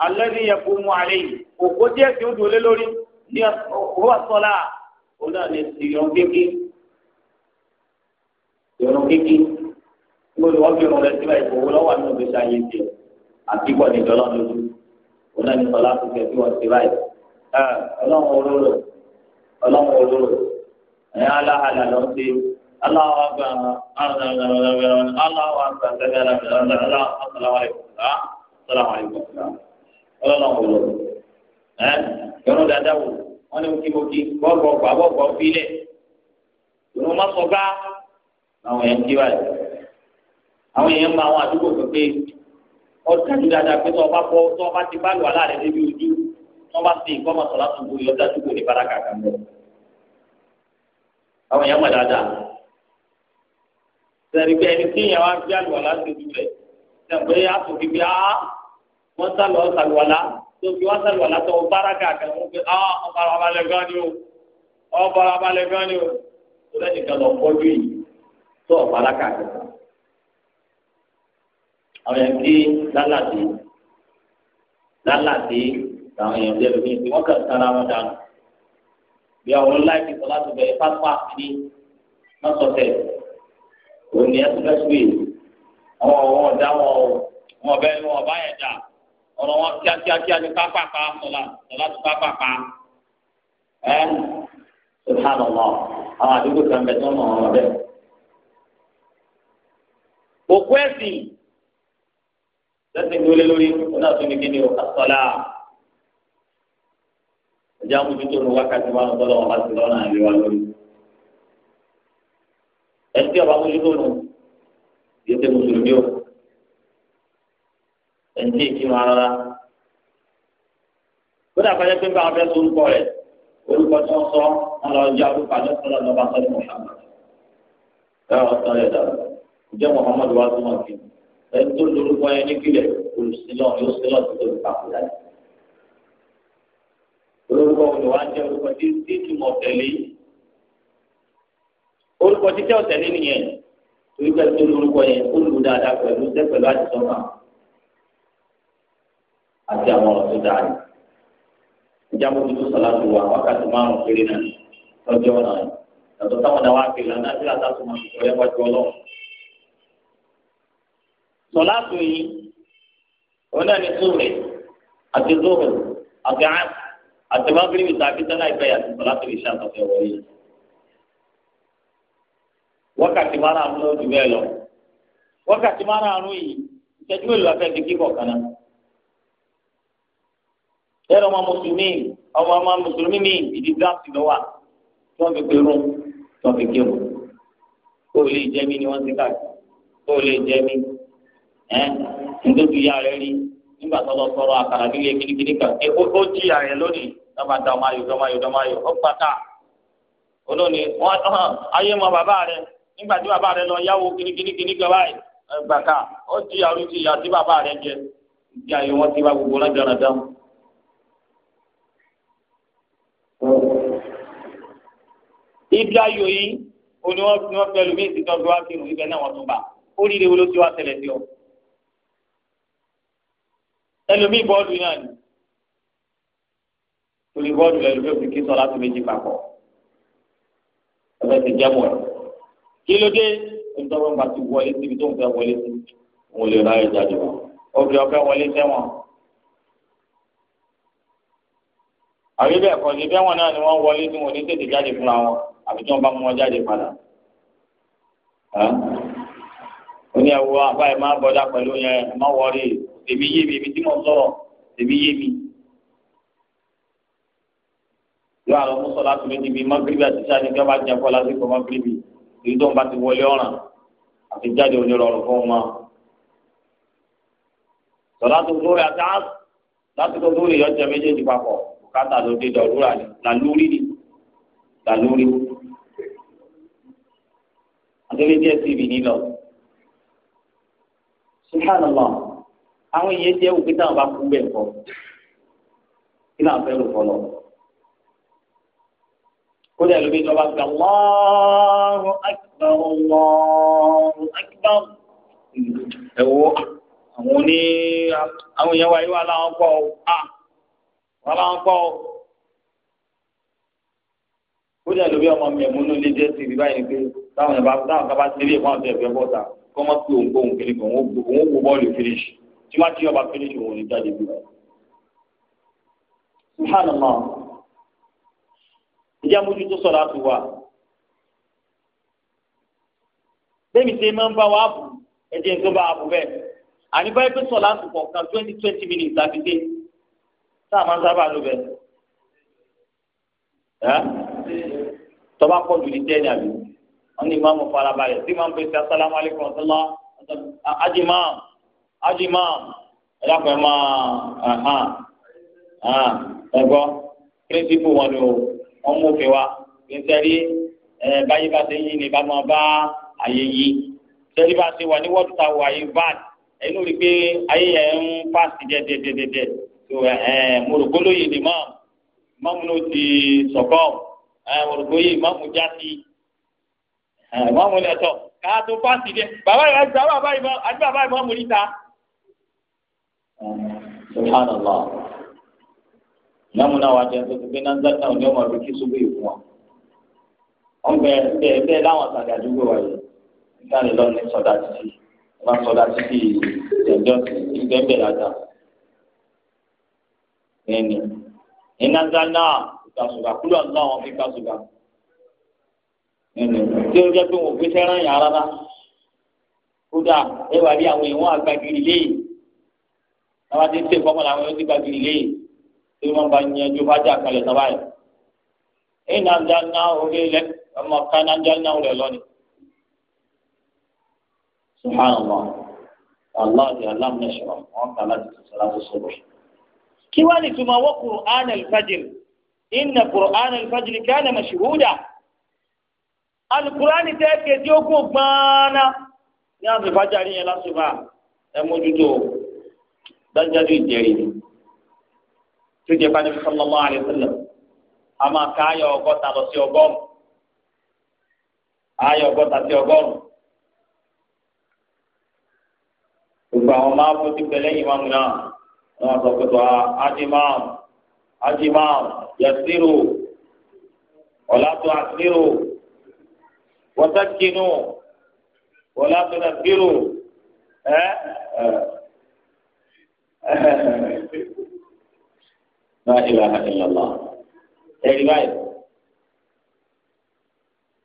alẹ́ni yẹ kó mu àlẹ́ yìí òkò díẹ̀ tí ó dùn lé lórí ní òwò sọ́lá òun náà ní ìrun kéke ìrun kéke gbọdọ̀ wọ́n fi irun rẹ̀ síbẹ̀ ìfowó lọ́wọ́ àti òbí ṣáà yé tiẹ̀ àti pọ̀ ní ìjọba lójú òun náà ní sọ́lá tó kẹ́ tí wọ́n ti báyìí ẹ ọlọ́run olóró ọlọ́run olóró ẹ̀yà aláhàlà ló ń ṣe aláwọ̀ àgbà aláwọ̀ àgbà sẹ́gbẹ̀rẹ̀ aláwọ̀ àgbà sẹ́gbẹ̀rẹ̀ aláwọ̀ àgbà sẹ́gbẹ̀rẹ̀ ọlọ́nà wò lọ ẹ yọrọ dada wò wọn ni mokiboki bọ́ọ̀bọ̀ gbà bọ́ọ̀bọ̀ filẹ̀ ìwọ ma sọ gbá àwọn yẹn kí báyìí àwọn yẹn ma àwọn àdúgbò pépé ọ̀dájú dada pé tí wọ́n bá bọ́ tí wọ́n bá ti bá lù alá rẹ̀ débi ojú tí wọ́n bá ti ìkọ́mọ̀ sọ̀rọ̀ àtúntò yọ dájú kò ní bára kàkà mọ́ àwọn yẹn mọ̀ dada sẹ́ni pé ẹni tí yẹn wá gbé àlùwàlá ṣe jù sẹ́ni pé àtòkí pé á wọ́n sá lọ sàlùwàlá tó fi wọ́n sàlùwàlá tó bára kàkẹ́ wọ́n ah, fi ọ́ ọ̀bàrà balẹ̀ gan ni o ọ̀bàrà balẹ̀ gan ni o tó lẹ́yìn kan lọ fọ́jú yìí tó ọ̀bàrà kàkẹ́ àwọn yẹn kí lálàdé lálàdé làwọn yẹn lẹ́nu ní ìsìn wọ́n kàn sára wọn dànù bí àwọn láìpẹ́ sọ láti bẹ̀rẹ̀ pápá ní lọ́sọ̀tẹ̀ òun ni ẹ àwọn ọ̀dà wọn ò wọn ọ̀bẹ wọn ọba yẹn dà ọ̀rọ̀ wọn kíákíákíá ní pápákọ̀ sọ̀lá sọ̀lá tó pápákọ̀ ẹ̀ subhanallah àwọn àdúgbò kan bẹ̀ tó ń mọ̀ ọ́ bẹ́ẹ̀. òkú ẹ̀sìn sẹ́sìn tó lé lórí wọn náà tún ní kíni o àsọ̀lá ìjà àmójútó ní wákàtí wọn lọ́dọ̀ wọn bá ti lọ́nà àlè wa lórí. ẹ̀sìn ọ̀bá àmójútó nù yìí ṣe mùsùlùmí o ẹnití ìkírun rárá kódà kọjá pé bá a fẹ́ sọ orúkọ rẹ̀ orúkọ tí wọ́n sọ wọn lọ yá orúkọ àjọ tó lọ lọ́ba sọ́dún Muhammad káà wọ́n sọ rẹ̀ dàrú ìjẹ́ Muhammad wá sí wọn kí ẹni tó lórúkọ yẹn ní kílẹ̀ olùsílọ̀ yóò sílọ̀ tó tóbi pàkúrẹ́ orúkọ olùwà jẹ́ orúkọ tí tí ìtumọ̀ tẹ̀lé orúkọ títẹ́ ọ̀tẹ̀lé nìyẹn torí pé tó lórúkọ yẹn olùdáadáa pẹ̀lú sẹ́ pẹ̀lú àdìsọ́kàn àti àwọn ọ̀rọ̀ tó dáa ni. ìjábọ̀ tuntun sọ̀lá ti wà wákàtí márùn-ún péré náà lọ́jọ́ náà yàtọ̀ táwọn náà wá pè lánàá bí látàtò máa fi sọ̀rọ̀ ẹ̀wájú ọlọ́run. sọ̀lá tó yìí òun náà ni sóòrè àti zóòrè àti àm àti mábírìbì tàbí tẹ́lá ìgbẹ́ àti sọ̀lá yìí ṣàtọ̀fẹ́ wọlé. wákàtí márùn-ún ló jù bẹ́ẹ̀ lọ wákàtí márùn-ún yìí ìṣẹ́jú èlò afẹ́ di kíkọ̀ kan náà. ẹ̀rọ ọmọ mùsùlùmí ọmọ ọmọ mùsùlùmí mi ìdí wa tí fi o lè jẹ mi ni wọn ti káàkiri o lè jẹ mi ẹ́ nítorí ìyá rẹ rí nígbà tó lọ sọ̀rọ̀ àkàrà nílé kíníkíní kan ẹ ó ó jí ààrẹ lónìí lọ́ba dàmáyò dàmáyò dàmáyò ó pátá olóòní wọn ayé mọ bàbá rẹ nígbà tí bàbá rẹ lọ yáwó kíní kan báyìí gbàkà ó jí àrùn ti yà bàbá rẹ jẹ ìdí ibla yoyi òní wọn fi wọn fi ẹlòmíì sí tọ́jú wá kírun ibẹ̀ náà wọ́n tún bá oríire wo ló ti wá tẹ̀lẹ̀ sí ọ. ẹlòmíì bọ́ọ̀lù náà ni torí bọ́ọ̀lù ẹlòmíì òfin kí sọlá tó méjì papọ̀ ọ̀fẹ́ ti jẹ́mọ̀ ẹ̀. kí ló dé onídọ́gbọ́n bá ti wọlé síbi tó ń fẹ́ wọlé sí òun lè ráyè jáde wọn obìnrin ọ̀fẹ́ wọlé sẹ́wọ̀n. àríbẹ̀ ẹ̀kọ́ ni bẹ́wọ̀n náà ni wọ́n wọlé tí wọn ní tètè jáde fúnra wọn àbí tí wọ́n bá mú wọn jáde padà. ó ní ẹ̀wọ́ àbáyé máa bọ́dá pẹ̀lú yẹn má wọrí tèmi yé mi ibi tí mo sọ̀rọ̀ tèmi yé mi. yóò àlọ́ mú sọ láti méjì bíi mọ́gíríbì àti sáàdì tí wọ́n bá jẹ́ kọ́ lásìkò mọ́gíríbì èyí tó ń bá ti wọlé ọ̀ràn àti jáde onírọ̀rùn fún wọn. sọ̀rọ̀ tó lórí àtàkùn lásìkò lórí ìyọ̀jẹ̀ méjèèjì papọ̀ bùkátà ló dé dọ̀rúra ni làlúrí ni làlúrí kéré díẹ̀ sí ibi nílọ. subhanallah àwọn èèyàn jẹ́ òkè táwọn bá kú bẹ́ẹ̀ kọ́ kí náà fẹ́ lò fọlọ́. kódà lóbi tó bá gba Allahu akbar Allahu akbar ẹ wo àwọn oní àwọn èèyàn wáyé wà láwọn kọ́ ọ ah, wà láwọn kọ́ ọ ó dẹ̀ lóbi ọmọ mi ẹ̀mú lóde jẹ́ ti rí báyìí pé táwọn ẹ̀ bá táwọn kábà sílé ìwọ́n àti ẹ̀fẹ́ bọ́ta kọ́ mọ́ pé òun gbóhùn kiri kan òun wo bọ́ọ̀lù finish tí wọ́n ti ọba finish òun ní jáde bí. subhanallah ìjà mójútó sọ̀rọ̀ àti wà. bẹ́ẹ̀ni ṣe máa ń bá wa bù ẹ̀jẹ̀ ń tó bá a bù bẹ́ẹ̀. àní báyìí pé sọ̀rọ̀ àti kọ̀ọ̀kan twenty twenty minutes àfi dé. sáà máa ń sábà lò bẹ́ẹ̀ tọ́ba pọ̀ jù ní tẹ́lẹ̀ àbí wọ́n ní ìmáàmù farabalẹ̀ tí máa ń pèsè asálàmù alaykum ọ̀sánlá ajimáàm ajimáàm ẹ̀dá pẹ̀ máa hàn hàn ẹ̀gbọ́ píríncípù wọn ni wọ́n mú òfin wa nítorí báyìí bá ti yí ni bá máa bá àyè yí nítorí bá ti wà ní wọ́ọ̀dù tá a wà yí bad ẹnu rí i pé ayé yẹn ń fásitì dẹ́dẹ́dẹ́dẹ́ tó ẹ̀ ẹ̀ mo rò gbólóyè ni máàmù máàmù ló ti sọ̀kọ́ọ̀. Ah, olùgbòye ìmáàmù já sí ah, ìmáàmù lẹ́tọ̀ káàtó fásitì dẹ bàbá yìí láti bàbá bàbá ìmọ̀ àti bàbá ìmáàmù níta. subhanallah ìmáàmù náà wà jẹ́ tuntun pé náà náà ní ọmọ rẹ̀ kí sóbì ìfún wa. wọ́n bẹ bẹ́ẹ̀ bẹ́ẹ̀ láwọn àtàlẹ́ àdúgbò wa yìí nígbà lè lọ ní sọ̀dá títì wọ́n sọ̀dá títì ìjọ ìgbẹ́bẹ̀ láta. bẹ́ẹ̀ ìgbàsùgbà kúlù àlọ́ àwọn fi gbàsùgbà tí ó jẹ́ pé wọ́n gbéṣẹ́ rán yàn rárá kódà ẹ wà rí àwọn èèwọ̀n àgbàgìrì léyìí àwọn àti ṣe fọmọ làwọn èèwọ̀n ti gbàgìrì léyìí tí wọ́n bá yan ju fájà kalẹ̀ sábà yẹn. ìnà dáná orí ilẹ̀ ọmọ kaná dáná rẹ̀ lọ́ni. subhanallah aláàdì aláàmúnẹ̀ṣọ̀ wọn kà láti sọ̀rọ̀ sọ̀rọ̀. kí wàá ní ìtumọ̀ wọ́kùnrin ánà inna qur'an al-fajr kana mashhuda alukurani tẹ kejì ogun gbọ́nà ní àtúfájàrí yẹn lásùbà ẹ mójútó dájáde ìjẹrì ni tó jẹ bá níbi sallallahu alaihi wasallam a máa ka ayọ ọgọ́ta lọ sí ọgọ́rùn ayọ ọgọ́ta sí ọgọ́rùn gbogbo àwọn máa fojú pẹlẹ yìí máa mú náà wọn sọ pé tó a á dé máa. أجمع يسروا ولا تعسروا وسكنوا ولا تنفروا لا إله إلا الله ẹ̀rí báyìí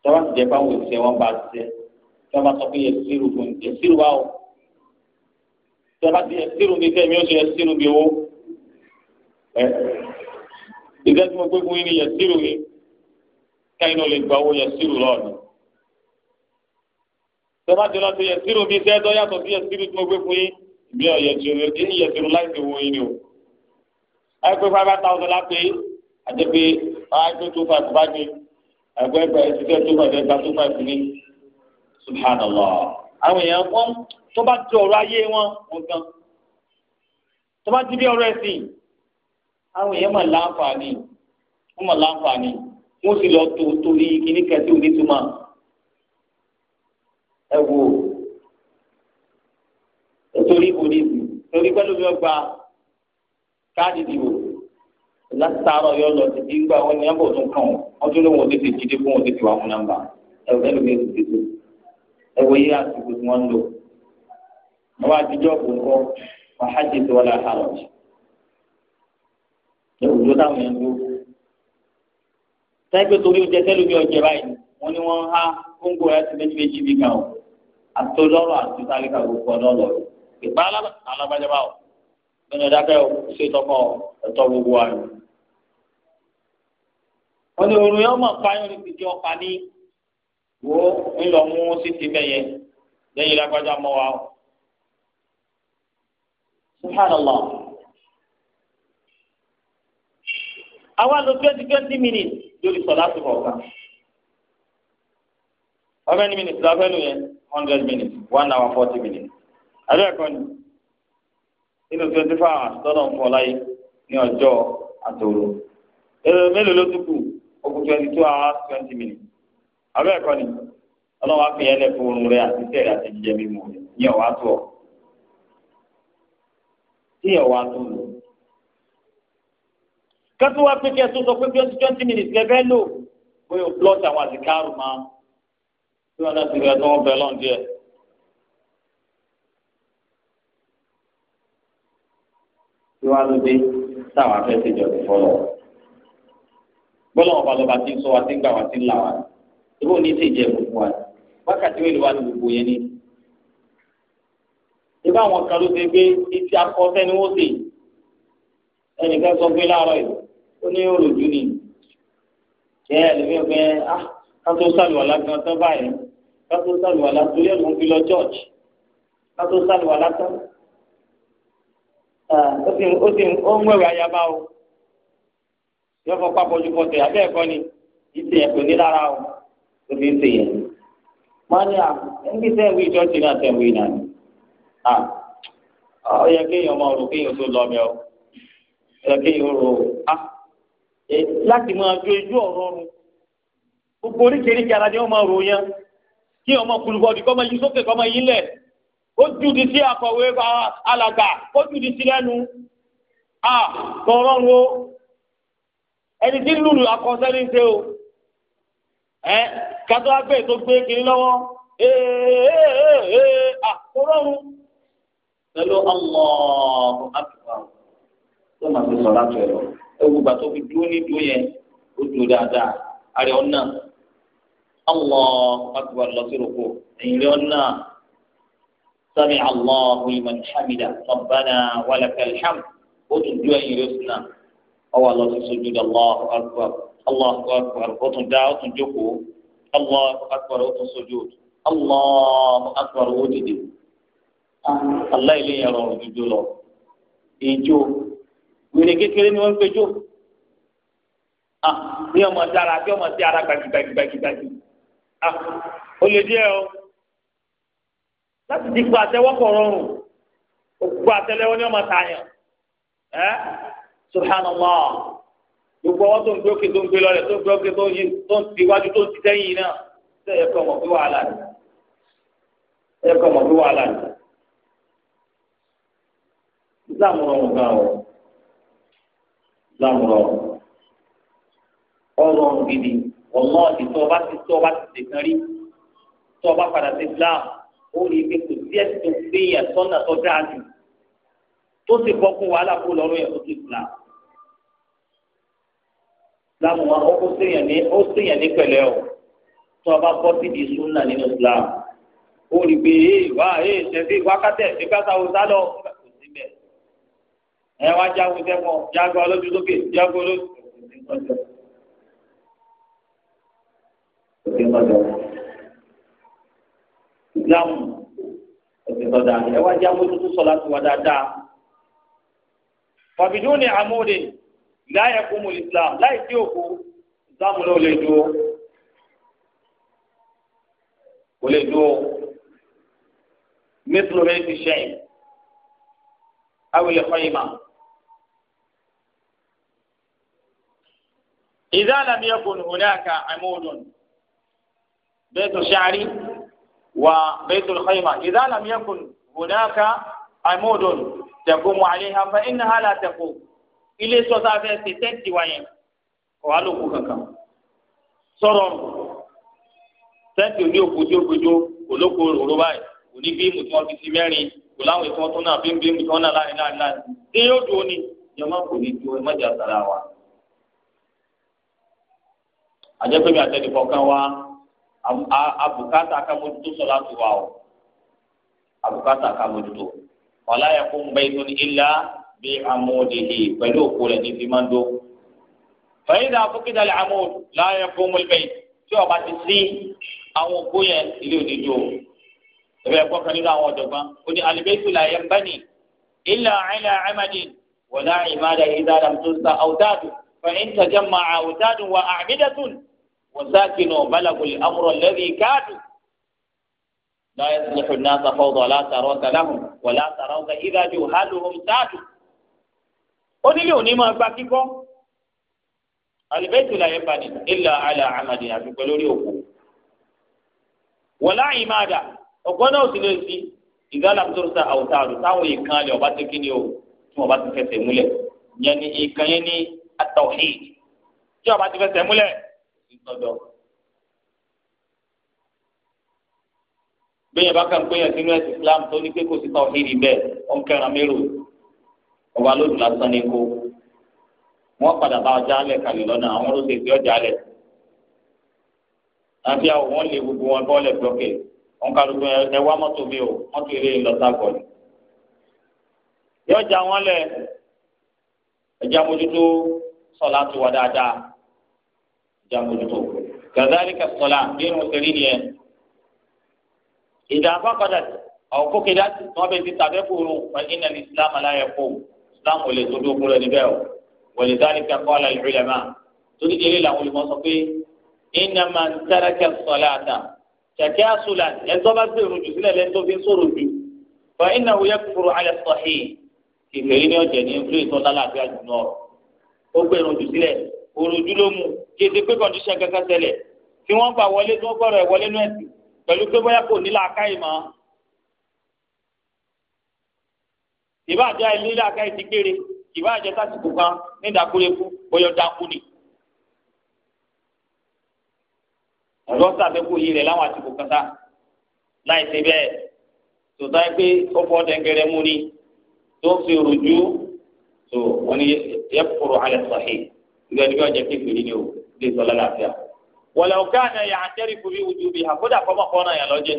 tọ́wọ́ ti jẹ́ báwo ṣe wọ́n bá ṣe tí wọ́n bá sọ pé yẹ sírù fún yẹ sírù báwo tí wọ́n bá ti yẹ sírù bí kẹ́mi ó ṣe yẹ sírù bí ìgbà tí mo gbé fún yín ni yẹsírù yín káyìn náà lè gba owó yẹsírù lọ́ọ̀nù. sọ́bàtì náà ti yẹsírù mi sẹ́ẹ́dọ́ yàtọ̀ sí yẹsírù tí mo gbé fún yín ìbí ọ̀ yẹsírù ní yẹsírù láì fi wo yín ni o. ẹgbẹ́ five thousand lápé àti pé ẹgbẹ́ two five bá ní ẹgbẹ́ ẹgbẹ́ ẹgbẹ́ two five ẹgbẹ́ two five ní subhanallah. àwọn èèyàn wọn tó bá ti ọ̀rọ̀ ayé wọn nǹkan tó bá ti bí ọ̀rọ̀ ẹ̀sìn àwọn èèyàn máa láǹfààní wọ́n máa láǹfààní wọ́n sì lọ tó torí kíní kẹtí onítùmọ̀ ẹ wò ó torí onídìí torí pẹ́lú mi ọgbà káàdì ìdìbò láti sáárọ̀ yọ lọ títí gbà wọn ní ẹ̀bùn tún kàn wọ́n tún lóun tètè jíde fún wọn tètè wà fún nàmbà ẹ̀wọ̀ ẹ̀lú mi ti tètè ẹ̀wọ̀ yìí àsìkò tí wọ́n ń lò wọ́n bá ti jọ́ òkú ńkọ́ wọ́n á jẹ́ tó wọ́n lọ́ òdòdó táwọn yẹn ń dúró sẹ́gbẹ́ torí oúnjẹ tẹ́lómi ọ̀jẹ̀ báyìí wọ́n ní wọ́n há kóńgò ẹ̀ ti méjì méjì bí kan o àtọ́lọ́rọ̀ àti sáré kan gbogbo ọlọ́lọ́ ìgbà alábàjẹ́ báwò lọ́nà dákẹ́ o ṣe tọkọ ẹ̀tọ́ gbogbo wa rẹ̀. wọ́n ní orun yẹn páyọ̀ ní fìdí ọ̀pá ní wo ńlọ mú sí ti mẹ́yẹ lẹ́yìn lágbájá mọ́ wa o. subhanallah. àwa lo twenty twenty minutes lórí sọlá tó kọ̀ọ̀kan how many minutes la fẹ́ yẹn hundred minutes one hour forty minutes àbí ẹ̀kọ́ ni nínú twenty four hours tọ́lọ̀ ń fọ láyé ní ọjọ́ àtòrò mélòó ló tún kù ó kù twenty two hours twenty minutes àbí ẹ̀kọ́ ni ọlọ́wọ́ á fi yẹn lẹ̀ fún oorun rẹ àti tẹ̀rẹ̀ àti jíjẹ mímu rẹ ní ọ̀wá tó ọ̀ tí ọ̀wá tó lò ó kátó wá pé kí ẹ tó sọ pé twenty twenty minutes lẹ́fẹ́ lò bóyá o plot àwọn àtikáàrù máa tí wọ́n dá sí ìrẹ́ tó wọ́n bẹ̀ lọ́n díẹ̀. tí wọ́n á ló dé táwọn afẹ́sẹ̀ ìjọba fọlọ́ bọ́lá wọn balọ̀ba ti ń sọ wa ti ń gbà wá ti ń là wá ìbò ní ti jẹ gbogbo wa wákàtí wo ni ní gbogbo yẹn ni. ìbá àwọn kan ló ṣe gbé iṣẹ́ akọ́ṣẹ́ ni wọ́n ṣe ẹnìkan sọ pé láàárọ̀ yìí ó ní òròjú ni jẹ́ ẹlòmíì pé á ah, kátó sàlùwàlá gan tán báyìí kátó sàlùwàlá torí ẹ̀ ló ń fi lọ church kátó sàlùwàlá tán ah, ó sì ó sì ó ń wẹ̀wẹ̀ ayaba o yóò fọ pa bọ́jú bọ́tẹ̀ abẹ́ ẹ̀kọ́ ni ìsìn ẹ̀ kò ní lára o kò fi ń sè yẹn. wọ́n ní à ah, ń bí sẹ́wì ìjọ́sìn náà sẹ́wì náà ni à ó yẹ kéèyàn máa rò kéèyàn tó lọ mẹ́ o ó yẹ kéèyàn rò ó láti máa ju ojú ọ̀rọ̀ run gbogbo oríkèéríkèé ara ni wọ́n máa ròyìn kí ọmọ kùlùkọ́dì kọ́ máa yí sókè kọ́ máa yí lẹ̀ ó jùdí sí akọ̀wé alàgbà ó jùdí sí lẹ́nu à tọ̀rọ̀ wo ẹni tí lùlù akọ́sẹ́ ní ṣe o ẹ kátó agbẹ́ tó gbé kiri lọ́wọ́ ee ee ee àtọ̀rọ̀ wo pẹ̀lú ọmọ àtúwà tó máa ti sọ̀rọ̀ àtúwẹ̀ lọ gbogbo àti òfin dúró ní dúró yẹn ó dúró dáadáa àrẹ ọ̀nà Allahu akbar lọ sí rògbò ẹ̀yìn rẹ ọ̀nà sami Allahu liman hamida rabbana walakal hamd ó tún dúró ẹ̀yìn rẹ sùnà ọwọ́ àlọ́ sí sojú dà Allahu akbar Allahu akbar ó tún dá ó tún jókòó Allahu akbar ó tún sojú Allahu akbar ó dìde aláìlẹ́yìn ọ̀rọ̀ òjòjò lọ ìjó wèrè kékeré ni wọ́n ń péjọ ah bí ọmọ ti ara bí ọmọ ti ara gbagigbagigbagigbagi ah ó lè díẹ̀ o láti di pa àtẹ́wọ́pọ̀ rọrùn òkú àtẹ́lẹwọ́ ni ọmọ tààyàn ẹ subhanallah gbogbo ọwọ́ tó ń gbé òkè tó ń gbé lọlẹ tó ń gbé òkè tó ń yí tó ń ti iwájú tó ń ti sẹ́yìn náà ṣe kọ mọ pé wàhálà ni ṣe kọ mọ pé wàhálà ni islam rọrùn gan o islam rọrùn ọrọ̀ gidi ọ̀nà ìtọ́ba ti tọ́ba ti tẹ̀kan rí tọ́ba padà sí islam ó rí i pé kò sí ẹ̀sìn tó gbé yẹn sọ́nà tó dáa jù tó sì bọ́ fún wàhálà kó lọ́rùn yẹn tó ti islam islam wọn ó kó ní ó séyàn ní pẹ̀lẹ́ o tọ́ba bọ́ sí di sunna nínú islam ó rí i pé ee wá ee ṣẹ́fí wákàtẹ́ ìgbàsáwò sálọ ẹ wá jáwé sẹ́kọ̀ọ́ jágbá olójú lókè jágbá olójú. òfin tọ́jọ́ ìsìlámù òfin tọ́jọ́ ẹ wá jáwé tuntun sọ̀lá tiwa dáadáa. fàbídú ni àmúde láyé kúmù islam láì sí òkú islam náà lè dúró kò lè dúró mẹsùlùmí ti ṣẹ́yìn awìlẹ̀ kọ́yìmá. إذا لم يكن هناك عمود بيت الشعر وبيت الخيمة إذا لم يكن هناك عمود تقوم عليها فإنها لا تقوم ilé sọ sáà fẹ́ ṣe tẹ́ǹtì wa yẹn wàá ló kú kankan sọ̀rọ̀ tẹ́ǹtì òní ògbójó gbójó olóko òróró báyìí òní bíìmù tí wọ́n fi ti mẹ́rin kò láwọn ìtàn tó náà bíìmù bíìmù tí wọ́n náà láàrin láàrin láàrin tí yóò dúró ni yọmọ kò ní dúró ẹ má jà sára wa àjẹpẹ́mi àtẹnìkọ̀ kan wa abùkátà akamójútó sọlá ti wà o abùkátà akamójútó wàlá yẹ kó mbẹ́ ìtún ilá bí amóhùndéhì pẹ̀lú òkú rẹ̀ ní fimando. fẹ̀yìndà fúkìdàlẹ̀ amóhùn láyẹ̀ kó mbẹ́ tí ọba ti sí àwọn òkú yẹn ilé òdìjọ ẹ̀bẹ̀ ẹ̀kọ́ kan nínú àwọn ọ̀jọ̀gbọ́n ó ní alibẹ́tù làyẹ̀ ń bẹ́ni ilà àìlà àmàdì wàlá ìmáda ìdára tó sa àwùdáàdù fẹ̀yìntàjẹ́ máa àwùdáàdù wà àmìdẹ́tùn وساكنوا بلغوا الأمر الذي كادوا لا يصلح الناس فوضى لا تروت لهم ولا تروت إذا جهالهم سادوا onílé òní máa gba kíkọ́ alibẹ́tù la yẹn bani ilà àlà àmàdì àti pẹ̀lórí òkú wọlá ìmáàdà ọ̀gbọ́n náà sì lè sí ìgbàlá tó sa àwòtárò táwọn ìkan lè ọba tó kíni o tí wọn bá ti fẹsẹ̀ múlẹ̀ yẹn ni ìkan yẹn ni at-tawhid tí wọn bá ti fẹsẹ̀ múlẹ̀ ìtọ́jọ́. gbẹ̀yìn bá kàn gbẹ̀yìn sínú ẹ̀sìn Islam tó ní pé kò sí tọ́ hírí bẹ́ẹ̀ ó ń kẹran mérò ọba lójú lásán ní kó wọ́n padà bá ọjà alẹ̀ kalẹ̀ lọ́nà àwọn olóṣèlú ti ọjà alẹ̀ àti àwọn wọn lè gbogbo wọn bọ́ọ̀lù ẹ̀dọ́kẹ̀ wọn kálukú ẹ wá mọ́tò mi o mọ́tò eré lọ́sàgọ̀ ni yọjà wọn lẹ ẹjẹ amójútó sọlá ti wà dáadáa já mójútó kàdáríkà sọlá bí irun ṣe rí nìyẹn ìdààmú àpàdà àwọn kókèdá tí wọn bẹ ti tàbẹ kúrú wọn iná ní islam aláyẹ kó islam ò lè tó dúró kúrò níbẹ̀ o wọn lè dáríkà kọ́ ọ̀la ìlú lẹ́mà torí délé làwọn olùmọ̀ sọ pé iná máa ń tẹ́rẹ́kẹ́ sọlá àtà kẹ̀kẹ́ àṣùlà ẹ̀tọ́ bá gbèrú jù sílẹ̀ lẹ́tọ́ fi ń sọ̀rọ̀ jù fọ iná wo yẹ kúrò alẹ́ sọ̀hìn kìfèrí ni ọ̀jẹ̀ ní fúlẹ̀ tó lálàáfíà jù náà ó gbèrú jù sílẹ̀ òròjú ló mu kéde pé kọ́ndíṣàn kankan ṣẹlẹ̀ tí wọ́n gbà wọlé tí wọ́n gbọ́dọ̀ ẹ̀ wọlé náà sí pẹ̀lú pé bóyá kò ní làákàyè mọ́. ìbáàjẹ́ àìní làákàyè ti kéré ìbáàjẹ́ sásìkò kan ní ìdákúrekú bóyá dákú ni. ẹ̀rọ sàfẹ́kù yìí rẹ̀ láwọn àsìkò kan sá láì ṣe bẹ́ẹ̀ tòótọ́ ẹ pé ó fọ́ dẹ́gẹrẹ mú ni tó fi òròjú tó wọ́n ní yẹ kúrò alẹ́ sọ̀hìn ìgbà níbi ọjà kékeré ni o lè sọ lálàáfíà. wọlé ọ̀gá àná yà á tẹ́rì fún mi wùdú bí àkódà kọ́mọ̀ kọ́ náà yà lọ́jẹ́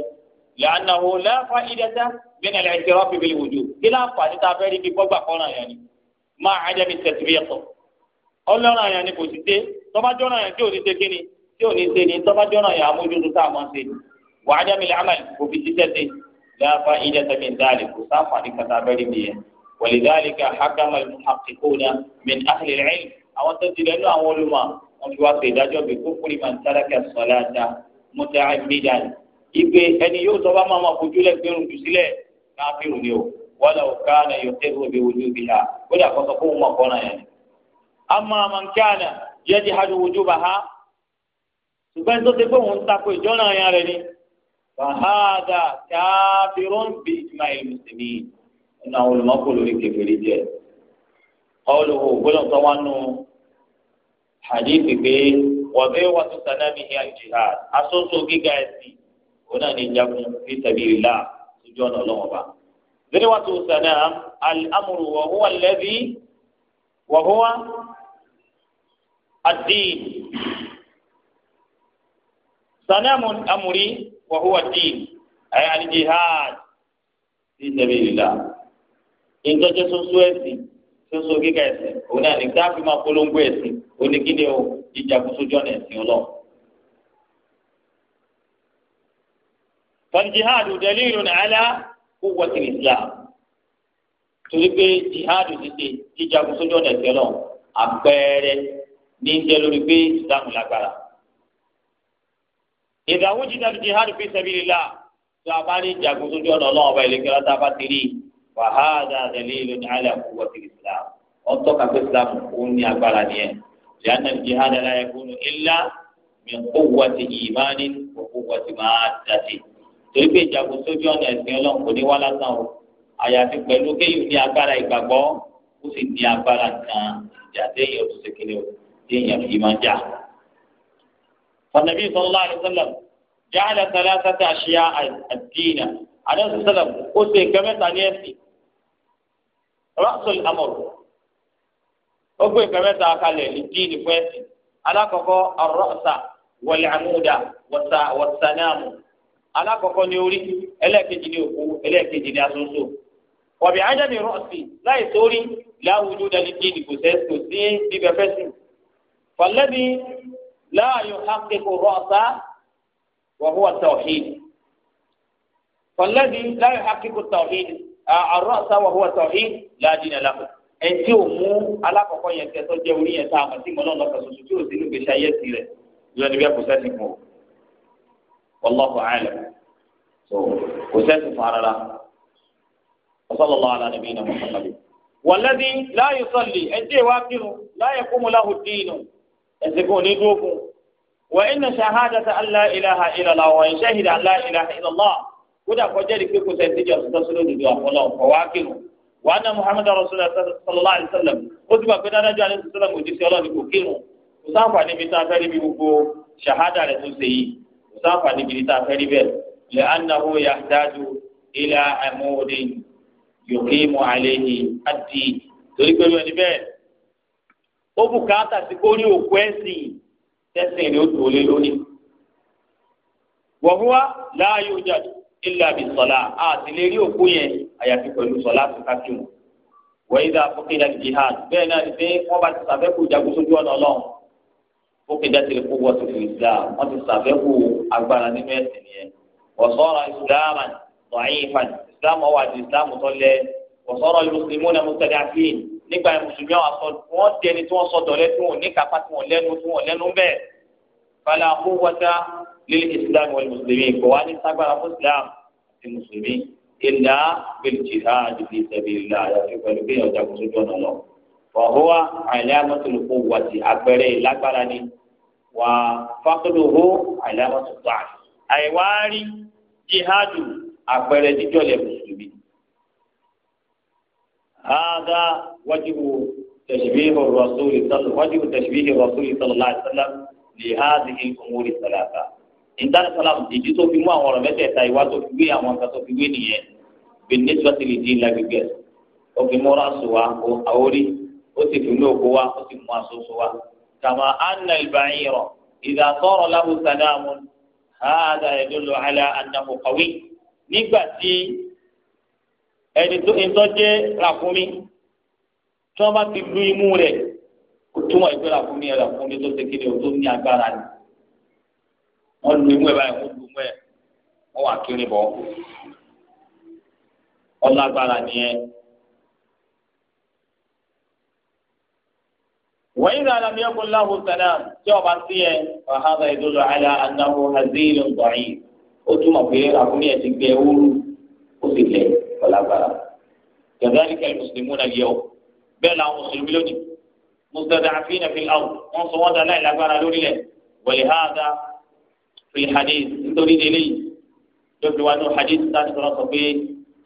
lànà òun lẹ́fà ìdẹ́ta bẹ́ẹ̀ ni ẹ̀jẹ̀ rọ́ọ̀fì bí wùdú kí láǹfààní tá a fẹ́ rí bí kọ́gbà kọ́ náà yà ni máa ajẹ́ mi tẹ̀sí bí ẹ̀sọ́. ọlọ́run àyàn ni kò sí dé tọ́bájọ́ náà yàn tí ò ní ṣe kí ni tí ò ní ṣe ni tọ́bájọ́ náà yàn amójútó tá a máa ṣe ni wà á mi làmàlì kò fi ṣiṣẹ́ ṣe láfa ìdẹ́ta mi dáàlì kò sáfàní kàtà bẹ́ẹ̀ ni yẹn wàlídàálì ká hákàmà àwọn tó ti rẹ̀ nú àwọn olùmọ̀ wọn fi wá pé ìdájọ́ bí kókórì máa ń tálákà sọ̀lá ta mọ́tà àìmídà ìgbé ẹni yóò tọ́ bá máa ma fojú lẹ̀ pé rùn jù sílẹ̀ náà fi rùn ní o wọ́n lọ ká náà yóò tẹ́ ìwé ojú bí ha ó dà kọ́sọ́ kó mọ̀ kọ́ náà yẹn. àmọ́ àmọ́ nǹkan àná yẹ́ di hadu ojú bá ha ṣùgbọ́n tó ti pé òun takò ìjọ́nà yẹn rẹ̀ ni fàhádà káfíròn ìmáyé mùsùlùmí ọ̀nà àwọn olùmọ́kò lórí kékeré jẹ́ kọ́ọ̀lù gbọ́dọ̀ tó wá nù hadith pé wọ́bẹ́ wà tó sanami ní jihad asọ́sọ́ gíga ẹ̀sìn òun náà ní jagun fi sabilillah sójú ọ̀nà ọlọ́wọ́n bá. bẹ́ẹ̀ wà tó sanam al-amru wa huwa alladhi wa huwa ad-din sanamu amri wa huwa ad-din ay al-jihad fi sabilillah. ìjọjẹ́ sọ́sọ́ ẹ̀sìn tó so kíkà ẹ̀sìn òun náà ní káfí máa polongo ẹ̀sìn oníkíni o ìjàkóso jọ́nà ẹ̀sìn ọlọ́ fàlìjìhádù dalilun ala quwwati islam torí pé jihádù ti ṣe ìjàkóso jọ́nà ẹ̀sìn àpẹẹrẹ ní jẹ́ lórí pé islam lágbára ìdáwó jìdá jihádù fi sabilillah tó a bá ní ìjàkóso jọ́nà ọlọ́wọ́ ọba ìlẹ́kẹ́lá tá bá ti rí i wàhálà dalilu ala quwwati islam wọn tọ́ka pé islam òun ní agbára nìyẹn lẹ́yìn al-jihad la yakunu illa min quwwati imanin wa quwwati maddati torí pé ìjagun sójú ọ̀nà ẹ̀sìn ọlọ́run kò ní wá lásán o àyàfi pẹ̀lú kéyìn ní agbára ìgbàgbọ́ ó sì ní agbára kan ìjà téèyàn ó ṣe kiri o téèyàn fi máa jà. fanabi sallallahu alaihi wasallam ja'ala thalathata ashiya ad-dina adéhùn ó ṣe nǹkan ní ẹ̀sìn rọ́ọ̀sùn amọ̀rù ó gbé nǹkan mẹ́ta kalẹ̀ ní díìnì fún ẹ̀sìn alákọ̀ọ́kọ́ arọ́ọ̀sà wọlé àmúdà wọ̀sà wọ̀sánàmù alákọ̀ọ́kọ́ ní orí ẹlẹ́ẹ̀kejì ní òkú ẹlẹ́ẹ̀kejì ní asúnsù wọ̀bí ájáde rọ́ọ̀sì láì sórí láwùjọ dalí díìnì kò sẹ́ kò sí bíbẹ fẹ́sìn fọlẹ́bí láàyò hákẹ́kù rọ́ọ̀sà wọ̀húwà tàwíìdì fọlẹ́bí láàyò hákẹ́kù tàwíìdì àrùn àtàwọn ọ̀hún ọ̀tọ̀ yìí láàdín ẹ̀ lápò ẹ̀ tí ò mú alákọ̀ọ́kọ́ yẹn kẹtọ́ jẹ́ orí yẹn tá a mọ̀ sí mọ́nà lọ́kàn ṣoṣo tí ò sí ní gbèsè ayé ti rẹ̀ yóò ní bí kò sẹ́sìn fún o wallahu a'lam so kò sẹ́sìn fún ara ala nabiyina muhammad walladhi la yusalli ẹ̀ tí ìwà kírun la yaqumu lahu dinu kò ní dúró fún wa inna shahadata kódà kọjá di pé kò sẹ́ni tíjà sọ́tọ́ sí lódodo àfọlọ́ ọ̀pọ̀ wá kírun wàá ná muhammed rasulillah sallallahu alayhi wa sallam ó ti gbà pé dáadáa ju alẹ́ sọ́tọ́ mọ̀ òjísé ọlọ́run kò kírun kò sáfà níbi tá a fẹ́ níbi gbogbo ṣahada rẹ̀ tó ṣe yìí kò sáfà níbi tá a fẹ́ níbẹ̀ lè anahu yahdaju ilà amóhùnde yòókè mu àlẹ́yìn àti torí pé lóni bẹ́ẹ̀ ó bùkátà sí kó ní òkú ẹ̀sìn tẹ̀sìn ni ó tò lé lónìí wọ̀húwa láàyò jáde ilà bí sọlá àti lè rí òkú yẹn àyàfi pẹ̀lú sọlá tó kájú wọ́n ìdá fúnkẹ́ ìdá jihad bẹ́ẹ̀ náà ṣe wọ́n bá ti sàfẹ́kù ìjagun sójú ọ̀nà ọlọ́run fúnkẹ́ ìdá tẹ̀lé kó wọ́n ti fi islam wọ́n ti sàfẹ́kù agbára nínú ẹ̀sìn nìyẹn wọ́sọ̀rọ̀ islam da'ifan islam ọwọ́ àti islam tọ́lẹ̀ wọ́sọ̀rọ̀ muslimuna mustada'fin nígbà mùsùlùmí àwọn asọ wọn dẹni tí sọ lílì islam wal mùsùlùmí kò wá ní sagbara fún islam àti mùsùlùmí ìlà bil jihad fi sabilillah àyàfi pẹ̀lú bí ọjà kò sójú ọ̀nà lọ. wa huwa alamatul quwwati àpẹẹrẹ ìlágbára ni wà faqduhu alamatud da'f. àìwárí jihadu àpẹẹrẹ jíjọ́lẹ̀ mùsùlùmí. هذا وجه تشبيه الرسول صلى وجه تشبيه الرسول صلى الله عليه وسلم لهذه الأمور الثلاثة ìdánilásálàmù ìdí tó fi mú àwọn ọ̀rọ̀ mẹ́tẹ̀ẹ̀ta ìwá tó fi gbé àwọn nǹkan tó fi gbé nìyẹn bìnnẹ́sìwátìlì dín lágbègbè ó fi mú ráṣù wa àórí ó sì fi mú òkú wa ó sì mú aṣoṣo wa. kàmá anna ìbáyìrọ ìdá tọrọ lábùsà dáàmú hàdà ìdúlù àlà ànàmù kàwé nígbà tí ẹni tó ń tọ́jú ràkúnmí tí wọ́n bá ti lu imú rẹ̀ ó túmọ̀ ìgbéra fún mi ràkúnmí tó ṣe kéde ò wọ́n lu imú ẹ̀ báyìí wọ́n lu imú ẹ̀ wọ́n wà kiri bọ̀ ọlágbára nìyẹn. وإذا لم يكن له سلام جواب سيه فهذا يدل على أنه هزيل ضعيف أتم في أغنية بيول أسيله ولا بلا كذلك المسلمون اليوم بلا مسلمين مستضعفين في الأرض من صوت لا لا بلا لولي ولهذا fil hadith nítorí délé yìí ló fi wá ní hadith sáà sọ̀rọ̀ sọ pé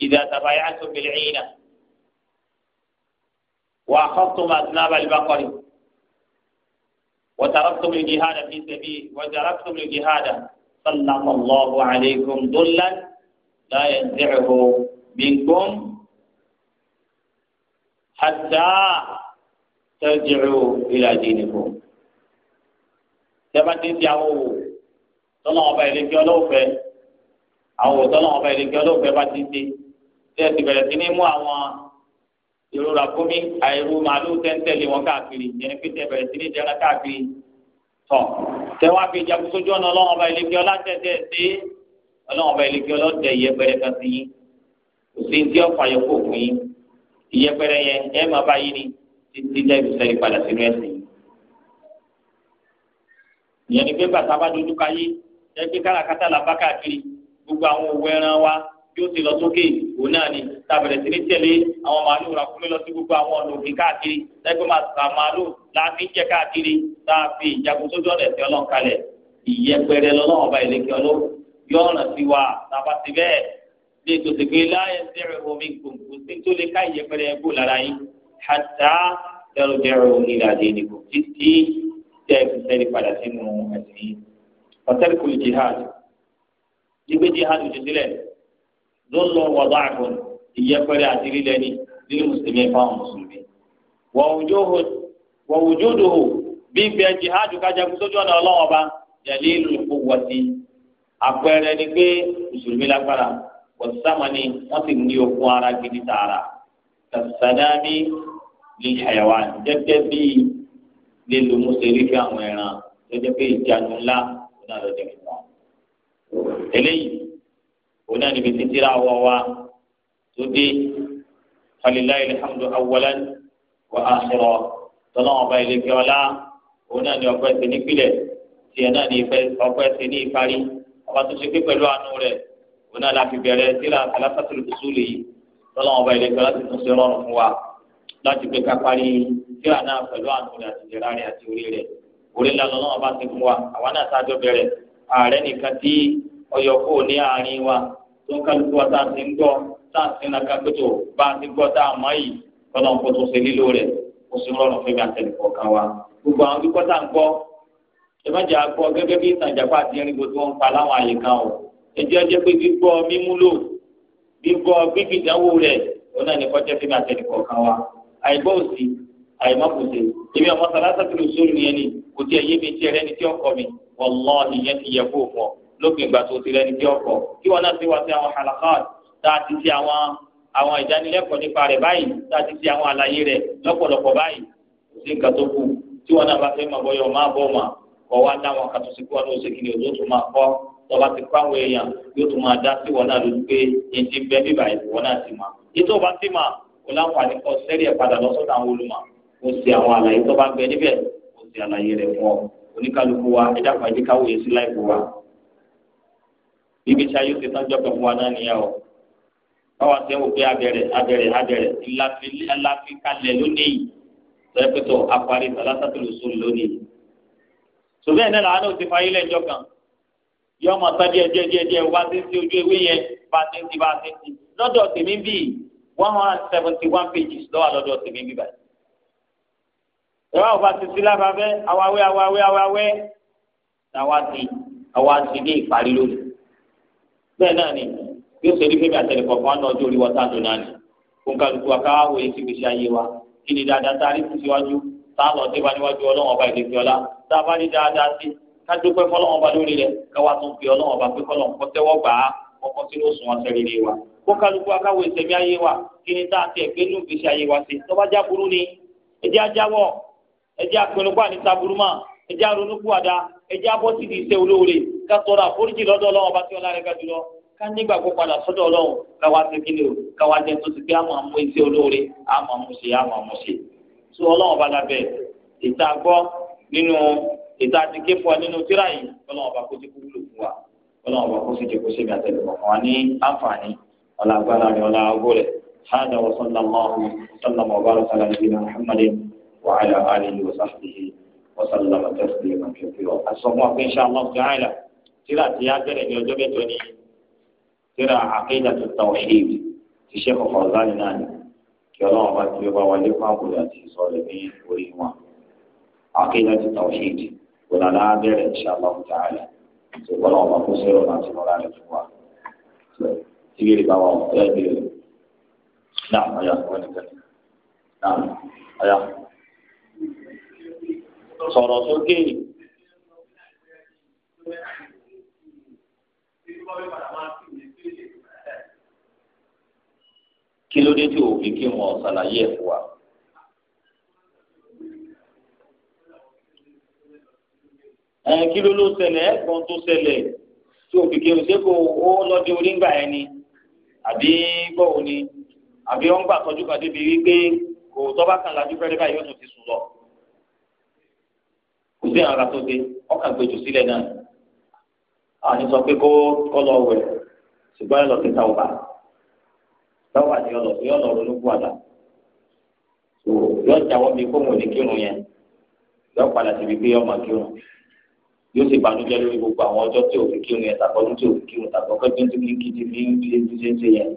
ìdá tàbáyà tó bẹ̀rẹ̀ ẹ̀yìn náà wà á kọ́tù máa tún náà balùwà kọ́ni وتركتم الجهاد في سبيل وتركتم الجهاد سلط الله عليكم ذلا لا ينزعه منكم حتى ترجعوا إلى دينكم. Tẹ́bàtí ti àwọn òwò tọ́lọ́ ọba ìlẹ́kí ọlọ́ọ̀fẹ́ àwọn òtọ́lọ́ ọba ìlẹ́kí ọlọ́ọ̀fẹ́ bá ti dé tí ẹ ti bẹ̀rẹ̀ sí ní mú àwọn ìrora kómi àìrú màálù tẹ́ńtẹ́lẹ̀ wọn káàkiri yẹn fi tẹ bẹ̀rẹ̀ sí ní ìdára káàkiri tọ̀ tẹ́wọ́n fi ìjagun sójú ọ̀nà ọlọ́wọ́n ọba ìlẹ́kí ọlá tẹ̀tẹ̀ sí ọlọ́wọ́n ọba ìlẹ́kí ọlọ́tẹ̀ yẹpẹrẹ kan sí yín kò sí ti ọ̀fà yẹn kò fún yín ìyẹpẹrẹ yẹn ẹ bá yín ni títí ẹgbẹ́ kárakáta la bá káàkiri gbogbo àwọn òwò ẹran wa bí ó ti lọ sókè òun náà ni tàbẹ̀rẹ̀ sí ní tẹ̀lé àwọn màálù rà fún mi lọ sí gbogbo àwọn ọ̀nà òkè káàkiri lẹ́gbẹ́ máa ta màálù láti jẹ́ káàkiri tá a fi ìjagun sójú ọ̀nà ẹ̀sìn ọlọ́run kalẹ̀ ìyẹpẹrẹ lọ́lọ́run ọba ìlẹ́kẹ́ ọlọ́run yọ ọ̀nà sí wa tàbá ti bẹ́ẹ̀ lè tòṣe pé láyé ń tẹ̀rẹ̀ fatarikul jihad gbígbé jihad ti sílẹ̀ lọ́lọ́ wàdà àfọ̀n ìyẹ́pẹ̀rẹ̀ àti lílẹ̀ ní nínú mùsùlùmí fáwọn mùsùlùmí. wọ̀wùjúdùhù gbígbé jihad kájagun sójú ọ̀nà ọlọ́wọ́n ọba yàlí lùkú wọ̀tí àpẹẹrẹ ni pé mùsùlùmí lágbára wọ̀tísàmọ́ni wọ́n sì ní okun ara gidi tààrà kàṣàdámì lè ṣàyẹ̀wò gẹ́gẹ́ bíi lílo mùsùlùmí fi àwọn ẹ̀ràn lọ́jọ́ náà ló ti fi wọn. eléyìí òun náà níbi títí ra wọ wa tó dé falilayi alhamdu awwalan wa akhira tọ́lọ́wọ́n ọba ilé fi ọlá òun náà ní ọpẹ́ sí nípìlẹ̀ tiẹ̀ náà ní ọpẹ́ sí ní ìparí ọba tó ṣe pé pẹ̀lú àánú rẹ̀ òun náà láti bẹ̀rẹ̀ síra aláfàtúrò tùsùlù yìí tọ́lọ́wọ́n ọba ilé ọlá ti tún ṣe rọrùn fún wa láti pé ká parí síra náà pẹ̀lú àánú rẹ̀ àti ìjẹ́ra rẹ̀ àti orí rẹ̀ orí ńlá lọ́nà ọba ti fún wa àwa náà sáájọ bẹ̀rẹ̀ ààrẹ nìkan tí ọyọ kò ní àárín wa tó ń kálukú wa tá a ti ń gbọ́ tá a ti ń laka pẹ̀tọ̀ bá a ti gbọ́ tá a mọ̀ yìí lọ́nà kó tó ṣe lílo rẹ̀ kó sì rọrùn fún mi àtẹnukọ̀ kan wa gbogbo àwọn kíkọ́ tá a ń gbọ́ ìbájà gbọ́ gẹ́gẹ́ bí ìtàjàpá àti irinwó tí wọ́n ń pa láwọn àyè kan o ẹjẹ́ ọjọ́ pé gbígbọ́ mímúlò gbígbọ́ gbígbìdánwò rẹ̀ òun náà ní fún mi àtẹnukọ̀ kan wa àìgbọ́ òsì àìmọ́kùsì èmi ọmọ sàlásà tó lè sóòrùn kò tí ẹ yé mi tí ẹ rẹ́ni tí ó kọ́ mi wallahi ìyẹn ti yẹ kó fọ lópin ìgbà tó ti rẹ́ni tí ó kọ́ kí wọn náà ti wá sí àwọn halakat tá a ti ṣe àwọn àwọn ìdánilẹ́kọ̀ọ́ nípa rẹ̀ báyìí tá a ti ṣe àwọn àlàyé rẹ̀ lọ́pọ̀lọpọ̀ báyìí kò nǹkan tó kù tí wọn náà bá fẹ́ máa bọ́yọ̀ máa bọ̀ mà kọ́ wá dáwọn kàtúnṣekú wọn lóṣè kiri òjò tó máa kọ́ tọ́ba ti kọ́ àwọn èèyàn yóò tún máa dá sí wọn náà lójú pé èyí ti bẹ́ bíbà ìwọ náà ti mà ètò ọba ti mà kò láǹfààní kọ́ sẹ́rí ẹ̀ padà lọ́sọ̀tà àwọn olùmọ̀ kò sí àwọn àlàyé tọ́ba gbẹ níbẹ̀ ti àlàyé rẹ̀ fún ọ oníkálukú wa ẹ dàpọ̀ ẹ̀jẹ̀ káwọ́ yẹn sí láìpẹ́ wa bíbi tí ayé ti tán jọ́pọ̀ fún wa náà nìyà o báwa ṣe ń wò pé abẹ́rẹ́ abẹ́rẹ́ abẹ́rẹ́ ńláfi kalẹ̀ lónìí sẹ́pẹ̀tọ̀ àparí sàlásàtúlù sùn lónìí sùgbọ́n ẹ̀ náà làwọn ò ti fa ilé ẹjọ́ kan yọ ọmọ tán díẹ̀ díẹ̀ díẹ̀ díẹ̀ wá sí ojú ewé yẹn bá sí sí bá sí sí lọ́dọ̀ tèmi bíi one hundred seventy one pages lọ́wọ́ lọ́dọ̀ tèmi bíi báyìí ìwà òfà títí lábàbẹ awawe, awawe, awawe, làwa ti àwa ti dé ìparí lónìí bẹ́ẹ̀ náà ni yóò ṣe wípé àtẹnì kọ̀ọ̀kan náà ọjọ́ orí wọ́tá tó náà ni kó kálukú akáwá wo etí gbèsè ayé wa kí ni dáadáa tá a rí síwájú tá a lọ sí wa níwájú ọlọ́wọ́n ọba ìdèkì ọlá tá a bá rí dáadáa sí kájú pé fọlọ́wọ́n ọba lórí rẹ̀ káwá tún fi ọlọ́wọ́n ọba pé kọ́lọ́wọ́n kọ́ gbà á kọ́kọ́ sínú òsùn ọ̀sẹ̀ rere wa kó kálukú akáwó ìsẹ̀mí ayé wa kí ni tá a ti ẹ̀gbẹ́ ayé wa sí tọ́ba jáburú ni ẹ̀jẹ̀ ajáwọ̀ eji àpẹnukọ́ n'i taburuma ma eji ẹjẹ́ abọ́sídì iṣẹ́ olóore ká tọrọ àforíjì lọ́dọ̀ ọlọ́run ọba tí ọlá rẹ̀ ga jùlọ ká nígbàgbọ́ padà sọ́dọ̀ ọlọ́run káwa ṣe o káwa jẹ tó pé àmọ́ àmú iṣẹ́ olóore àmọ́ àmú ṣe àmọ́ tó ìta nínú ìta ti ké fún ọ nínú tíra yìí kó ti kú وعلى آله وصحبه وسلم تسليما كثيرا الصوم إن شاء الله تعالى ترى تياتر يوجبتني ترى عقيدة التوحيد في شيخ فوزان ناني kí ọlọ́run bá ti bá wọlé fún àbúrò àti ìsọ̀rọ̀ ní orí wọn àkéjà ti tawhid òlàlá bẹ̀rẹ̀ inshallah ta'ala tó ọlọ́run bá kó sẹ́rọ̀ láti lọ́ra rẹ̀ fún wa tí bí ìbá wa ọ̀fẹ́ bí rẹ̀ náà ọ̀yà wọ́n ti tẹ̀lé náà ọ̀yà sọ̀rọ̀ sókè. kí ló dé tí òfin kí wọn ṣàlàyé ẹ̀ fún wa. kí ló ló ṣẹlẹ̀ ẹ̀gbọ́n tó ṣẹlẹ̀ tí òfin kí n ṣe kó ó lọ́dẹ onígbà ẹ̀ ni àbí bọ́ọ̀ ni àbí ó gbà tọ́jú kan débi wípé kò tọ́ bá kan lajú fẹ́rẹ́ báyìí ó tún ti sùn lọ sí àwọn ará tó dé ọkàn gbèjò sílẹ̀ náà àwọn sọ pé kó kọ́ lọ wẹ̀ ṣùgbọ́n ẹ lọ sí tàwọn bá lọ́wọ́ àti ọlọ sí ọlọ ronú bú àdá yóò jáwọ́ bí kó mo lè kírun yẹn yóò padà síbi pé ọmọ kírun yóò sì bànújẹ́ lórí gbogbo àwọn ọjọ́ tí òfin kírun yẹn tàbọdún tí òfin kírun tàbọkẹ́ tó ń tún kíkìtì ní ṣe ṣe yẹn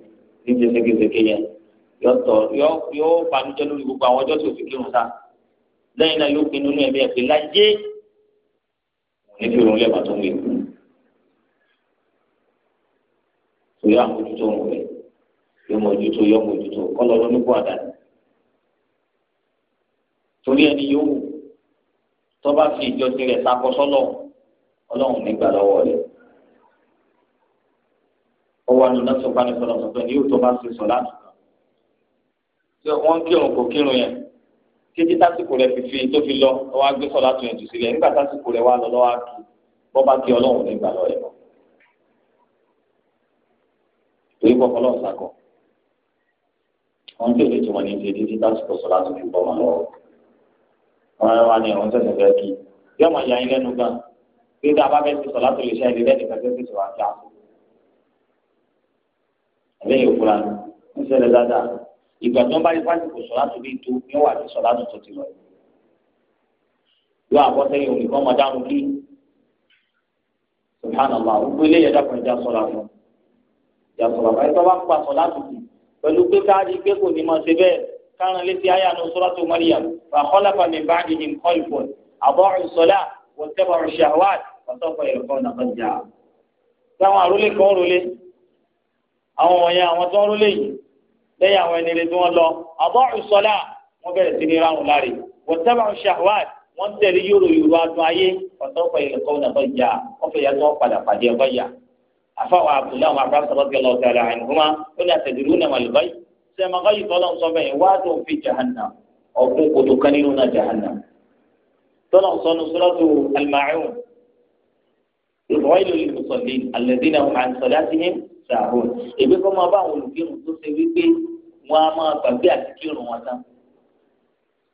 ní ṣe ṣégeṣége yẹn yóò bànújẹ́ lórí gbogbo àwọn ọjọ́ tí òfin kírun sáà lẹ́yìn náà yóò pinnu ní ẹ̀mí ẹ̀fẹ́ láyé ní fi òun lẹ́wà tó ń wéwu. Tòyọ́ àmójútó òun rẹ̀ yóò mójútó yóò mójútó kọ́lọ́ ló ní kó àdáni. Torí ẹni yóò wù tọ́ba fi ìjọsìn rẹ̀ sakọ sọ́lọ̀ ọlọ́run nígbà lọ́wọ́ rẹ̀. Ọwọ́ àná náà sọ fún àníṣọ́lọ́sọ pé ní yóò tọ́ba ṣe sọ láti. Wọ́n kírun kò kírun yẹn títí tásìkò rẹ fi fi tó fi lọ ọwọ́ agbé sọlá tó yẹn tù sílẹ̀ nígbà tásìkò rẹ wà lọ lọ́wọ́ àkì bọba kí Ọlọ́run nígbà lọ rẹ lọ torí kọ Ọlọ́run sàkọ wọn tẹ́lẹ̀ tí wọn ní ti títí tásìkò sọlá tó fi bọ wọn lọ wọn wá ní ọ̀hún sẹ̀sẹ̀ fẹ́ kí bí ọmọ ìyá yín lẹ́nu gan bí tá a ti sọlá tó lè ṣe àìlè lẹ́nu kan tẹ́sí sọ̀rọ̀ ìgbà tó ń bá yí fásitì kò sọ̀rọ̀ àtúbí tó ní wà ní sọ̀rọ̀ àtúntò ti lọ. yóò àkọsẹ́yìn olùkọ́ ọmọ dánú kí subhanallah gbogbo ilé yẹn dàpọ̀ ìjà sọ̀rọ̀ àfọ̀ ìjà sọ̀rọ̀ àfọ̀ ẹ̀tọ́ bá ń pa sọ̀rọ̀ àtúntì pẹ̀lú pé káàdì pé kò ní mọ̀ ṣe bẹ́ẹ̀ kárán létí ayé àná suratu Maryam wa khalafa min ba'dihim khalfun adha'u salata wattaba'u shahawat wa sawfa yalqawna ghayya lẹ́yìn àwọn ẹni rẹ tí wọ́n lọ àbọ̀ ìsọlá wọ́n bẹ̀rẹ̀ sí ní ráhùn láre wọ́n sábà ń ṣàwád wọ́n ń tẹ̀lé yòrò yòrò adùn ayé ọ̀tọ́ pẹ̀lú ẹ̀kọ́ ọ̀nà tó yà wọ́n fẹ́ yàtọ̀ padà pàdé ọgbà yà afáwọn abdullahi àwọn abdullahi sábà gbẹlẹ ọ̀tẹ̀ ara ẹni kúmá ó ní àtẹ̀dúró náà wàlú báyìí sẹ́mi akáyì tọ́lá ń wọn á máa gbàgbé àti kírun wọn tán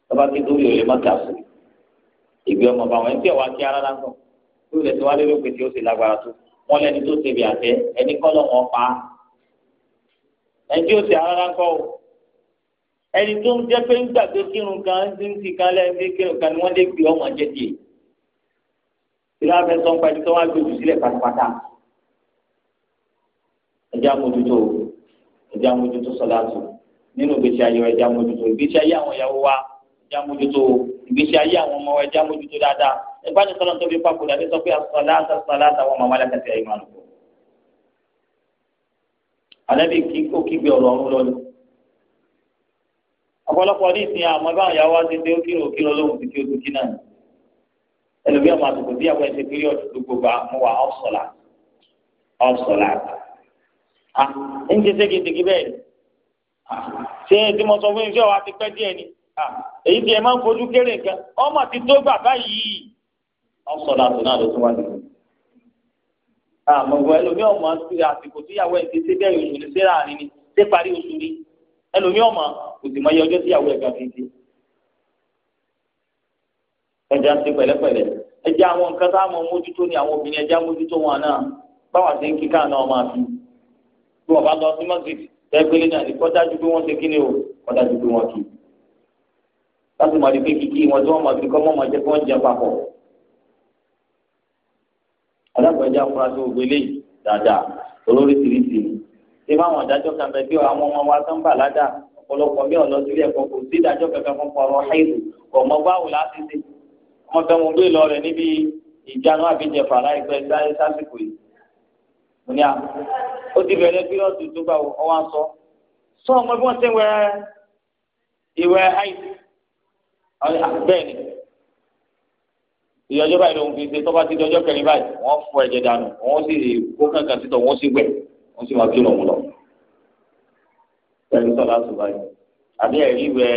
bàbá kí lórí òye má kà fún ìgbé ọmọ bá wọn ẹgbẹ́ wa kí ara lásán lórí rẹ̀ tí wọ́n á lérò pé tí ó sì lágbára tó wọn lẹni tó ṣe àtẹ ẹni kọ́lọ̀ wọn pa á ó ṣe ara lásán o ẹni tó ń jẹ́ pé ń gbàgbé kírun kan ń dín sí kan lẹ́yìn pé kírun kan ni wọ́n lè gbé ọmọ jẹ́ tiẹ̀ ìlànà fẹsọ̀ ń pa tó wá gbé jù sílẹ̀ pátápátá ẹjẹ́ amójútó ẹjẹ́ amójútó sọ́lá tó nínú ìgbésí ayé wa ẹja mójútó ìgbésí ayé àwọn ìyàwó wa ẹja mójútó ìgbésí ayé àwọn ọmọ wa ẹja mójútó dáadáa ẹgbẹ́ àti sọ́nà tó fi pa kúrò àti sọ pé asọ́lá asọ́lá àtàwọn ọmọ alákàtà ẹ̀yìn máa lò. àlẹ́bí kí kó kígbe ọ̀rọ̀ ọ̀run lọ́lù. ọ̀pọ̀lọpọ̀ ní ìsìn àmọ́ báwọn ìyàwó wa ti dé ó kírò kírò lóhùn kí ṣé tí mo sọ fún yín sí ti pẹ́ díẹ̀ ni èyí tí ẹ máa ń fojú kéré nǹkan ọmọ ti tó gbà báyìí Ọ tó náà ló tún wá nìyẹn. àmọ̀gbọ́n ẹlòmíràn mọ̀ sí àsìkò tíyàwó ẹ̀ ti ṣe bẹ́ẹ̀ oṣù ní ni ṣé parí oṣù ni ẹlòmíràn kò sì mọ iye ọjọ́ ẹ̀ àwọn nǹkan tá a mọ àwọn obìnrin ẹja mójútó wọn náà báwa ti ń kíkà náà máa tẹgbẹlẹ náà ni kọdájú pé wọn ṣe kí ni o kọdájú pé wọn kì í láti máa di pé kìkì wọn tí wọn máa fi kọ́ mọ́ máa jẹ́ kí wọ́n jẹ papọ̀ alágbèjà afurasí ògbélé dáadáa olórí tìrìtì ṣé báwọn adájọ́ kan bẹ bí àwọn ọmọ wa tó ń bà ládàá ọ̀pọ̀lọpọ̀ bí ọ̀lọ́ sílẹ̀ ẹ̀kọ́ kò sí ìdájọ́ kankan fún ọ̀rọ̀ ṣáìlú ọmọ báwo láti ṣe ọmọ fẹ́ gbé lọ rẹ̀ níbi ìjánu àbíjẹfà láìpẹ́ sásìkò yìí mo ní à ó ti bẹ̀rẹ̀ pírọ̀tù tó ọ wá sọ sọ ọmọ bí wọ́n ṣe wẹ ìwẹ̀ àìsí bẹ́ẹ̀ ìyọjọ́ báyìí lòun fi ṣe tọ́ba ti dọjọ́ kẹrin báyìí wọ́n fọ ẹ̀jẹ̀ dànù wọ́n sì kó kankan títọ̀ wọ́n sì wẹ̀ wọ́n sì máa kírun lọ. pẹ̀lú sọ̀rọ̀ àṣùbà yìí àbí ẹ̀rí wẹ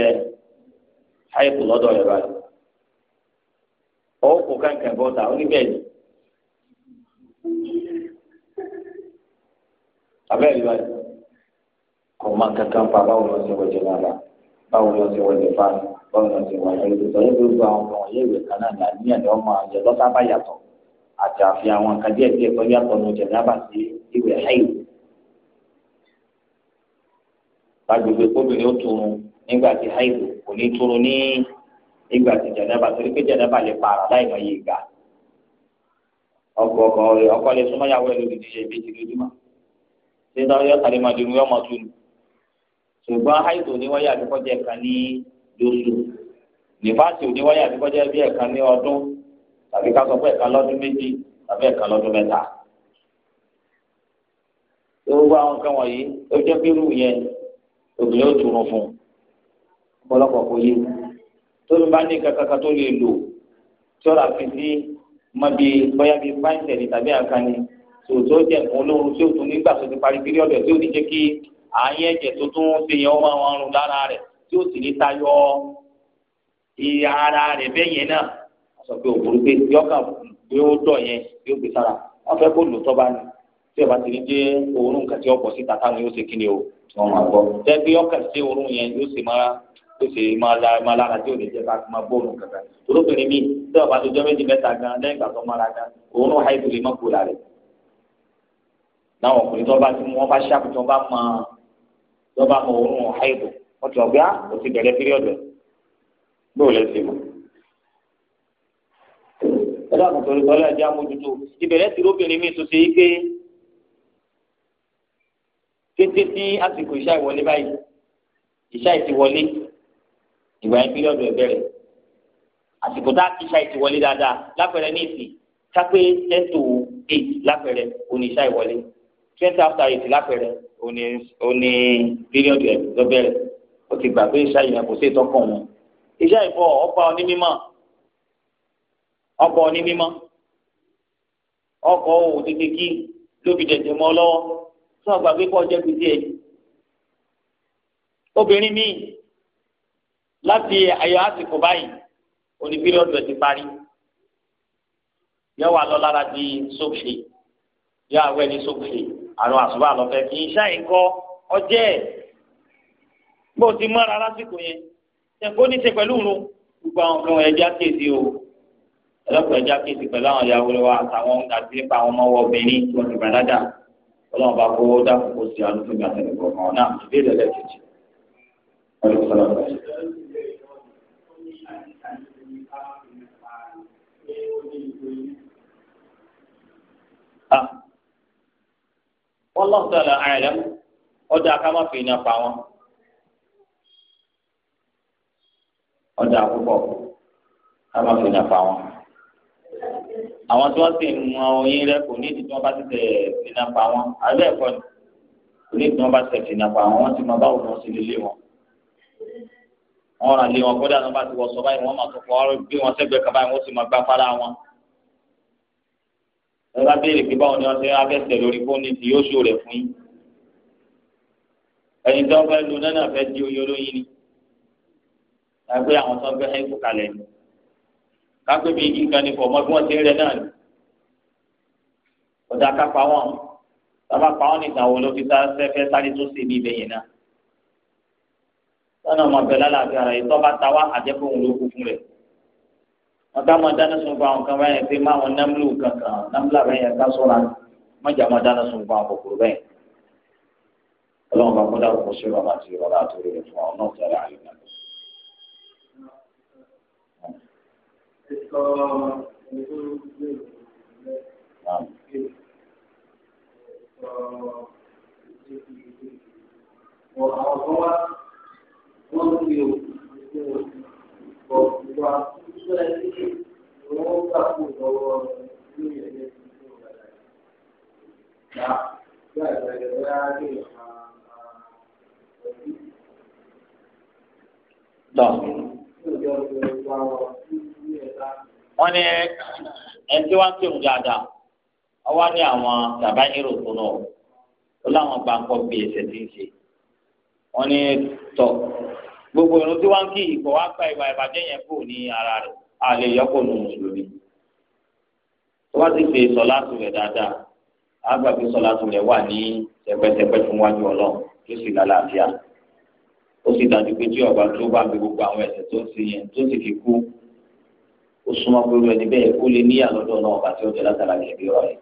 àìkú lọ́dọ̀ rẹ̀ báyìí. ọ̀hún kò kankan bọ́ta ó abẹ́rẹ́ báyìí kò máa kankan pa báwo ló ń ṣe wọ́jọ́ lára báwo ló ń ṣe fa báwo gbogbo àwọn ọmọ yẹn ìwé kan náà ní ẹ̀dá ọmọ yàtọ̀ àti àfihàn àwọn nǹkan díẹ̀ díẹ̀ tó yàtọ̀ ní ọjà lábà sí ìwé kóbìnrin ó nígbà tí kò ní ọkọ lè súnmọ́ yàwó lórí ṣé táwọn yọ sáré máa dirun yọ máa tu ṣùgbọ́n haito ní wáyà àti kọjá ẹ̀ka ní lóṣù nífàsì ò ní wáyà àti kọjá bí ẹ̀ka ní ọdún tàbí ká sọ pé ẹ̀ka lọ́dún méjì tàbí ẹ̀ka lọ́dún mẹ́ta gbogbo àwọn nǹkan wọ̀nyí ó jẹ́ bírú yẹn obìnrin ó túnú fún ọ̀pọ̀lọpọ̀ kò yé tóbi bá ní kankan kan tó lè lò tí ọ̀rọ̀ àfi sí mọ́ bíi bóyá bíi fáìntẹ̀ tàbí àǹkan tòótọ́ jẹ nǹkan olóorun tí ó tún nígbà tó ti parí píríọ̀dù tí ó ní jẹ́ kí ààyè ẹ̀jẹ̀ tó tún ṣe yẹn wọ́n máa rún lára rẹ̀ tí ó sì ní tayọ ìyá ara rẹ̀ bẹ́ẹ̀ yẹn náà wọ́n sọ pé òkúrú pé yọ́kà pé ó dọ̀ yẹn yóò gbé sára wọ́n fẹ́ kó lò bá ní tí ẹ bá ti ní jẹ́ òórùn kàtí ọ̀pọ̀ síta táwọn yóò ṣe kí ni o wọ́n máa gbọ́ jẹ́ pé yọ́kà sí òórùn yẹn yóò sì máa ó ṣe máa lára tí ò lè jẹ ká máa bóònù kankan olóbìnrin mi tí ọba tó jọ méjì mẹ́ta gan lẹ́yìn ìgbà tó máa gan òórùn àìsàn lè rẹ̀ láwọn ọkùnrin tó bá ti mú wọn bá ṣáàpù tó bá mọ tó bá mọ òórùn àìbò wọn ti ọgbẹ́ ó ah, ti bẹ̀rẹ̀ píríọ̀dù bóò lẹ́sìn mọ́. ẹ dákun torí tọ́lá ẹ̀jẹ̀ amójútó ìbẹ̀rẹ̀ ti róbìnrin mi tó ṣe é pé kété tí àsìkò ìṣá ìwọlé báyìí ìṣá ìti wọlé ìgbà yẹn píríọ̀dù ẹ̀ bẹ̀rẹ̀ àsìkò tá a ti dáadáa lápẹ̀rẹ̀ ní ìsìn kápẹ́ ten to eight lápẹ̀rẹ̀ òní ìṣá ìwọlé twenty after eight lápẹ̀rẹ̀ òní òní period ẹ̀ ló bẹ̀rẹ̀ ó ti gbà pé iṣẹ́ yìí kò sí ìtọ́kàn wọn iṣẹ́ ìfọ ọba oní mímọ́ ọba oní mímọ́ ọkọ̀ òtítí kí lóbi dẹ̀dẹ̀ mọ́ lọ́wọ́ sọ gbà pé kọ́ jẹ́ gbèsè ẹ̀ obìnrin míì láti ayọ̀ àsìkò báyìí òní period ẹ̀ ti parí yẹ wà lọ lára di sókè yẹ àwẹ̀ ní sókè àrùn àṣùbà lọ́fẹ́ kì í ṣáì kọ́ ọjẹ́ ẹ̀ bó ti mọ́ra lásìkò yẹn ṣẹ̀kó ní ṣe pẹ̀lú òun gbogbo àwọn kan ẹja kéde o ẹlọ́pàá ẹja kéde pẹ̀lú àwọn ìyàwó wa àtàwọn àti nípa àwọn ọmọ obìnrin tí wọ́n ti bàdáda ọlọ́run bá kó dákòókò sí àlùfẹ́ mi àtẹnudọ́ kan náà ìbéèrè lẹ́kẹ̀jì. wallahu ta'ala a'lam ọ̀dà ká má fi iná pa wọn. ọ̀dà púpọ̀ ká má fi iná pa wọn. àwọn tí wọ́n sì ń mọ oyin rẹ kò ní ìdí tí wọ́n bá ti tẹ̀ fi iná pa wọn alẹ́ ẹ̀kọ́ ni kò ní ìdí tí wọ́n bá ti tẹ̀ fi iná pa wọn wọ́n ti mọ báwo ni wọ́n sì wọn wọn rà lé wọn kódà náà bá ti wọ sọ báyìí wọn máa tún fọ ọ̀rọ̀ gbé wọn sẹ́gbẹ̀ẹ́ kan báyìí wọn sì máa gbá fara wọn ẹ bá béèrè pé báwo ni wọn ṣe wá fẹsẹ̀ lórí fóònù tí yóò ṣó rẹ̀ fún yín ẹ̀yin tó ń fẹ́ lu náà fẹ́ di oyè olóyin ni lágbé àwọn tó ń fẹ́ ẹ̀kú kalẹ̀ ni kápé bíi igi kan ní fọmọ bí wọ́n ti ń rẹ náà ni ọ̀dà ká pa wọ́n sábà pa wọ́n nìkan wo ló fi fẹ́ sáré tó ṣe ní ibẹ̀ yẹn náà lọ́nà ọmọ bẹ̀ lálàáfíà rẹ̀ tó bá ta wá àjẹpọ̀ òun ló kú fún rẹ̀ wọn ká máa dáná sun fún àwọn kan báyẹn pé má wọn námúlù kankan námúlà báyẹn ká sọ́ra mọ́jà máa dáná sun fún àwọn kòkòrò báyẹn ọlọ́run bá kọ́dà kò sí ọ̀rọ̀ àti ìrọ̀lá àtòrí rẹ̀ fún àwọn náà tẹ̀lé àyè náà. Àwọn kan wá wọ́n ń gbé òkú ìgbà tó Wọ́n ní ẹni tí wọ́n ń pèmù dáadáa, ọwọ́ ní àwọn tàbá hírò tó lọ, ó láwọn gbàǹkọ́ bí ẹsẹ̀ tí ń ṣe. Wọ́n ní tọ̀ gbogbo ìrún tí wọ́n ń kí ìkọ̀ wá gba ìwà ìbàjẹ́ yẹn kù ní ara rẹ̀ àlè yọkọ̀ nù mùsùlùmí tó bá ti ṣe sọ̀láàtù rẹ̀ dáadáa á gbà pé sọ̀láàtù rẹ̀ wà ní tẹpẹtẹpẹ fún wájú ọlọ́run tó sì lálàáfíà ó sì dájú pé tí ọba tó bá gbé gbogbo àwọn ẹ̀ṣẹ̀ tó ń ṣe yẹn tó sì fi kú ó súnmọ́ pé rẹ̀ níbẹ̀ ó lè níyà lọ́dọ̀ náà ọba tí ó jẹ látara kẹ̀kẹ́ rọ̀ rẹ̀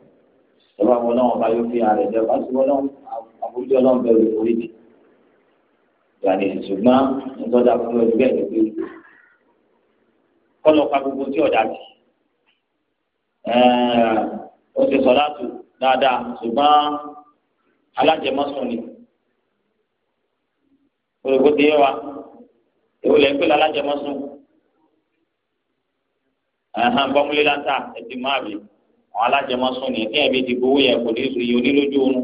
ìjọba wọn náà ọba yóò fi ààrẹ jẹ pásítọ̀ náà àbújá ọlọ́run bẹ̀rù orílẹ̀ ìgbà ní ṣùgbọ́n nítorí àbúrò ẹgbẹ́ ẹ̀ kọlọ pa gbogbo tí ọ̀dà ti ó ti sọ láti dáadáa ṣùgbọ́n alájẹmọ́sùn ni olùkó ti yé wa èwo lẹ́yìn pẹ̀lú alájẹmọ́sùn ẹ̀hán bọ́múlé láta ẹ̀dì máa bì àwọn alájẹmọ́sùn ni ní ẹ̀bí ìdìbò owó yẹn kò ní sùn yìí onílójú oorun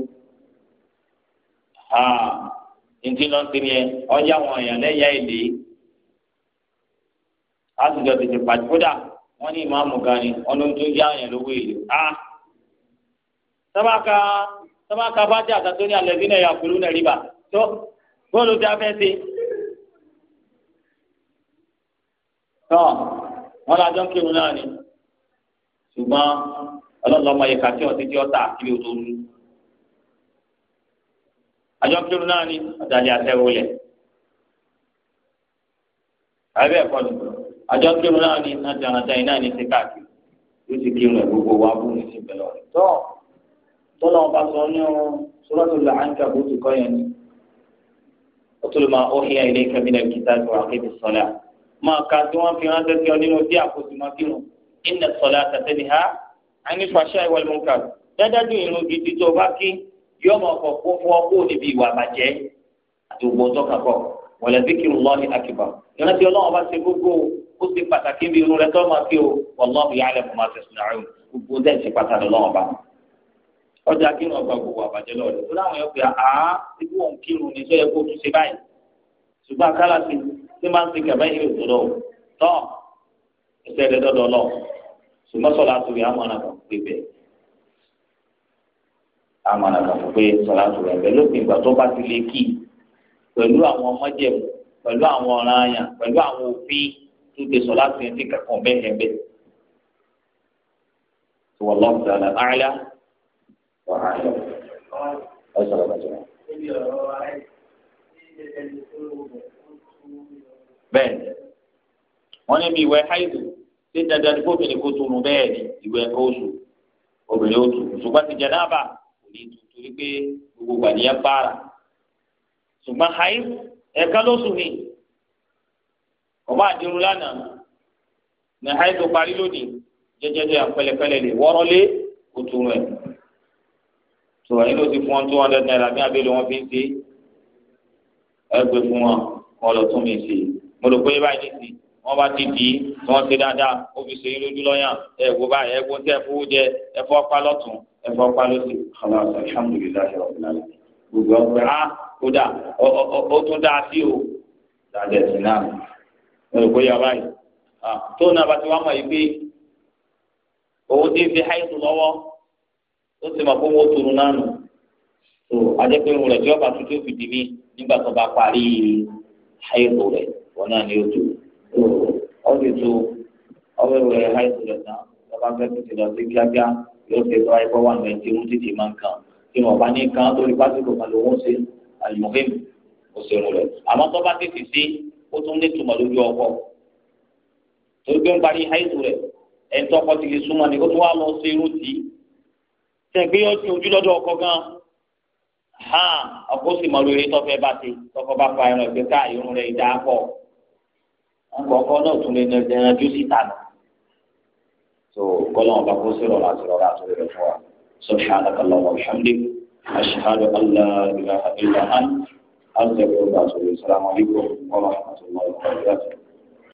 ntí lọ́ntì ni ẹ ọjà wọn èèyàn lẹ́yà èlé àtijọ́ tètè pàdé kódà wọ́n ní ìmáàmù gan ni wọ́n ló ń tó yá yẹn lówó èlé a. sábàkà sábàkà bá jẹ́ àtàtó ní alẹ́ bí náà yà kúlú náà rí bá tó bóòlù tí a fẹ́ ṣe. tọ́ wọn lájọ́ ń kírun náà ni ṣùgbọ́n ọlọ́lọ́mọ yẹ kàtí ọtí tí ó ta àkìlì òtòlù. àjọ kírun náà ni ọ̀dàlẹ̀ àtẹ̀wọlẹ̀. àbẹ̀ ẹ̀kọ́ nìkan àjọ kírun náà ní àti àràtà yìí náà ní ti káàkiri yóò ti kírun ẹ̀ gbogbo wa bú ní ti bẹ̀rẹ̀ rẹ̀ tọ́ tọ́lá ọba sọ ní ọ sọ́lọ́tò là ń kà bóòtù kọ́ yẹn ni ọtúlù máa ó híyà ilé kẹ́mínà kìtà tó àkébi sọ́lá máa ka tí wọ́n fi ránṣẹ́ sí ọ nínú bí àkóso máa kírun ìnà sọ́lá tàtẹ́ni ha àní fàṣà ìwọlé mọ́ká dájájú ìrun gidi tó bá kí yọ máa kọ̀ fún fún ọ níbi ìwà àbàjẹ́ àti ògbó tó kà kọ̀ wọ̀lẹ̀ zikirullah akbar ìrántí ọlọ́run bá ṣe gbogbo ó ti pàtàkì bí irun rẹ tó máa fi o wallahu ya'lamu ma tasna'un gbogbo dẹ́ẹ̀ ti pàtàkì lọ́wọ́ bá ọjà kírun ọgbà gbogbo àbàjẹ́ lọ́wọ́ rẹ̀ ó láwọn yóò fi àá ibú òun kírun ní sọ́yẹ́ kó tún ṣe báyìí ṣùgbọ́n akálà ti ti máa ń ṣe kẹ̀mẹ́ yìí òdòdó tọ́ ẹsẹ̀ rẹ̀ dọ́dọ̀ lọ ṣùgbọ́n sọ̀lá tó yà á pẹ̀lú àwọn ọmọdé pẹ̀lú àwọn ọ̀ràn àyàn pẹ̀lú àwọn òfin tó ti sọ láti ẹni tí kankan bẹ́ẹ̀ yẹn bẹ́ẹ̀. tí wọ́n lọ́n ti àlà àìlá wà á yọ ọ sọ̀rọ̀ bàjẹ́ wọn. bẹ́ẹ̀ wọ́n ní bí ìwẹ̀ haidu ṣé dandan fóbìnrin kó tunu bẹ́ẹ̀ ni ìwẹ̀ kó obìnrin ó tù ṣùgbọ́n ti jẹ̀nàbà kò ní tù torí pé gbogbo gbàdìyàn bára ṣùgbọ́n haid ẹ̀ka ló sùn ọba àdìrú lánàá ní àìsàn parí lónìí jẹjẹjẹ àpẹlẹpẹlẹ lè wọ́rọ́lé òtún rẹ̀ tó ẹ̀yin ló ti fún wọn two hundred naira ní abẹ́lẹ̀ wọn fi ń ṣe ẹgbẹ́ fún wọn kọ́ lọ tún mi ṣe mo rò pé báyìí ní ti wọn bá ti dì í tí wọn ti dáadáa ó fi ṣe lójú lọ́yàn ẹ wo báyìí ẹ wo tí ẹ fowó ẹ fọ́ pa lọ́tún ẹ fọ́ pa lọ́sì. aláàbò alhamdulilayi ọ̀gbìnrin gbogbo ọgbẹ́ á ah, kódà ó tún dáa sí o dáadáa sí náà ẹ̀rọ kó yà báyìí tó náà bá ti wá mọ̀ yìí pé owó tí ń fi háìsù lọ́wọ́ ó ti mọ̀ pé owó tunu náà nù tó adẹ́pẹ́ irun rẹ̀ tí ọba tuntun fi dì mí nígbà tó bá parí háìsù rẹ̀ wọn náà ni ó tu ọ̀sẹ̀ tó ọwọ́ ìwé háìsù rẹ̀ náà lọ́ba fẹ́ tó ti lọ sí kíákíá yóò ṣe tó ayé fọwọ́ àwọn ẹtì irun títì máa ń kàn kí wọn bá ní kàn lórí pásítọ̀ kan lòún ṣe àlùmọ́fẹ́mi ó ṣe irun rẹ̀ àmọ́ tó bá tètè sí ó tún ní ìtumọ̀ lójú ọkọ torí pé ń parí haizu rẹ̀ ẹni ọkọ ti lè ni ó tún wá lọ sí irú tì í tẹ̀gbé yóò ti ojú lọ́dọ̀ ọkọ gan hàn ọkọ sì mọ lórí tọ́fẹ́ bá ti tọkọ bá fa ẹran ìgbé ká irun rẹ̀ ìdá pọ̀ nǹkan ọkọ náà tún lè dẹran ju síta nù tó kọ́lọ́n bá kó sí rọ̀rọ̀ àti rọ̀rọ̀ àti rẹ̀ fún wa subhanaka Allahumma wa bihamdik ashhadu an la ilaha illa anta. أرجو الله السلام عليكم ورحمة الله وبركاته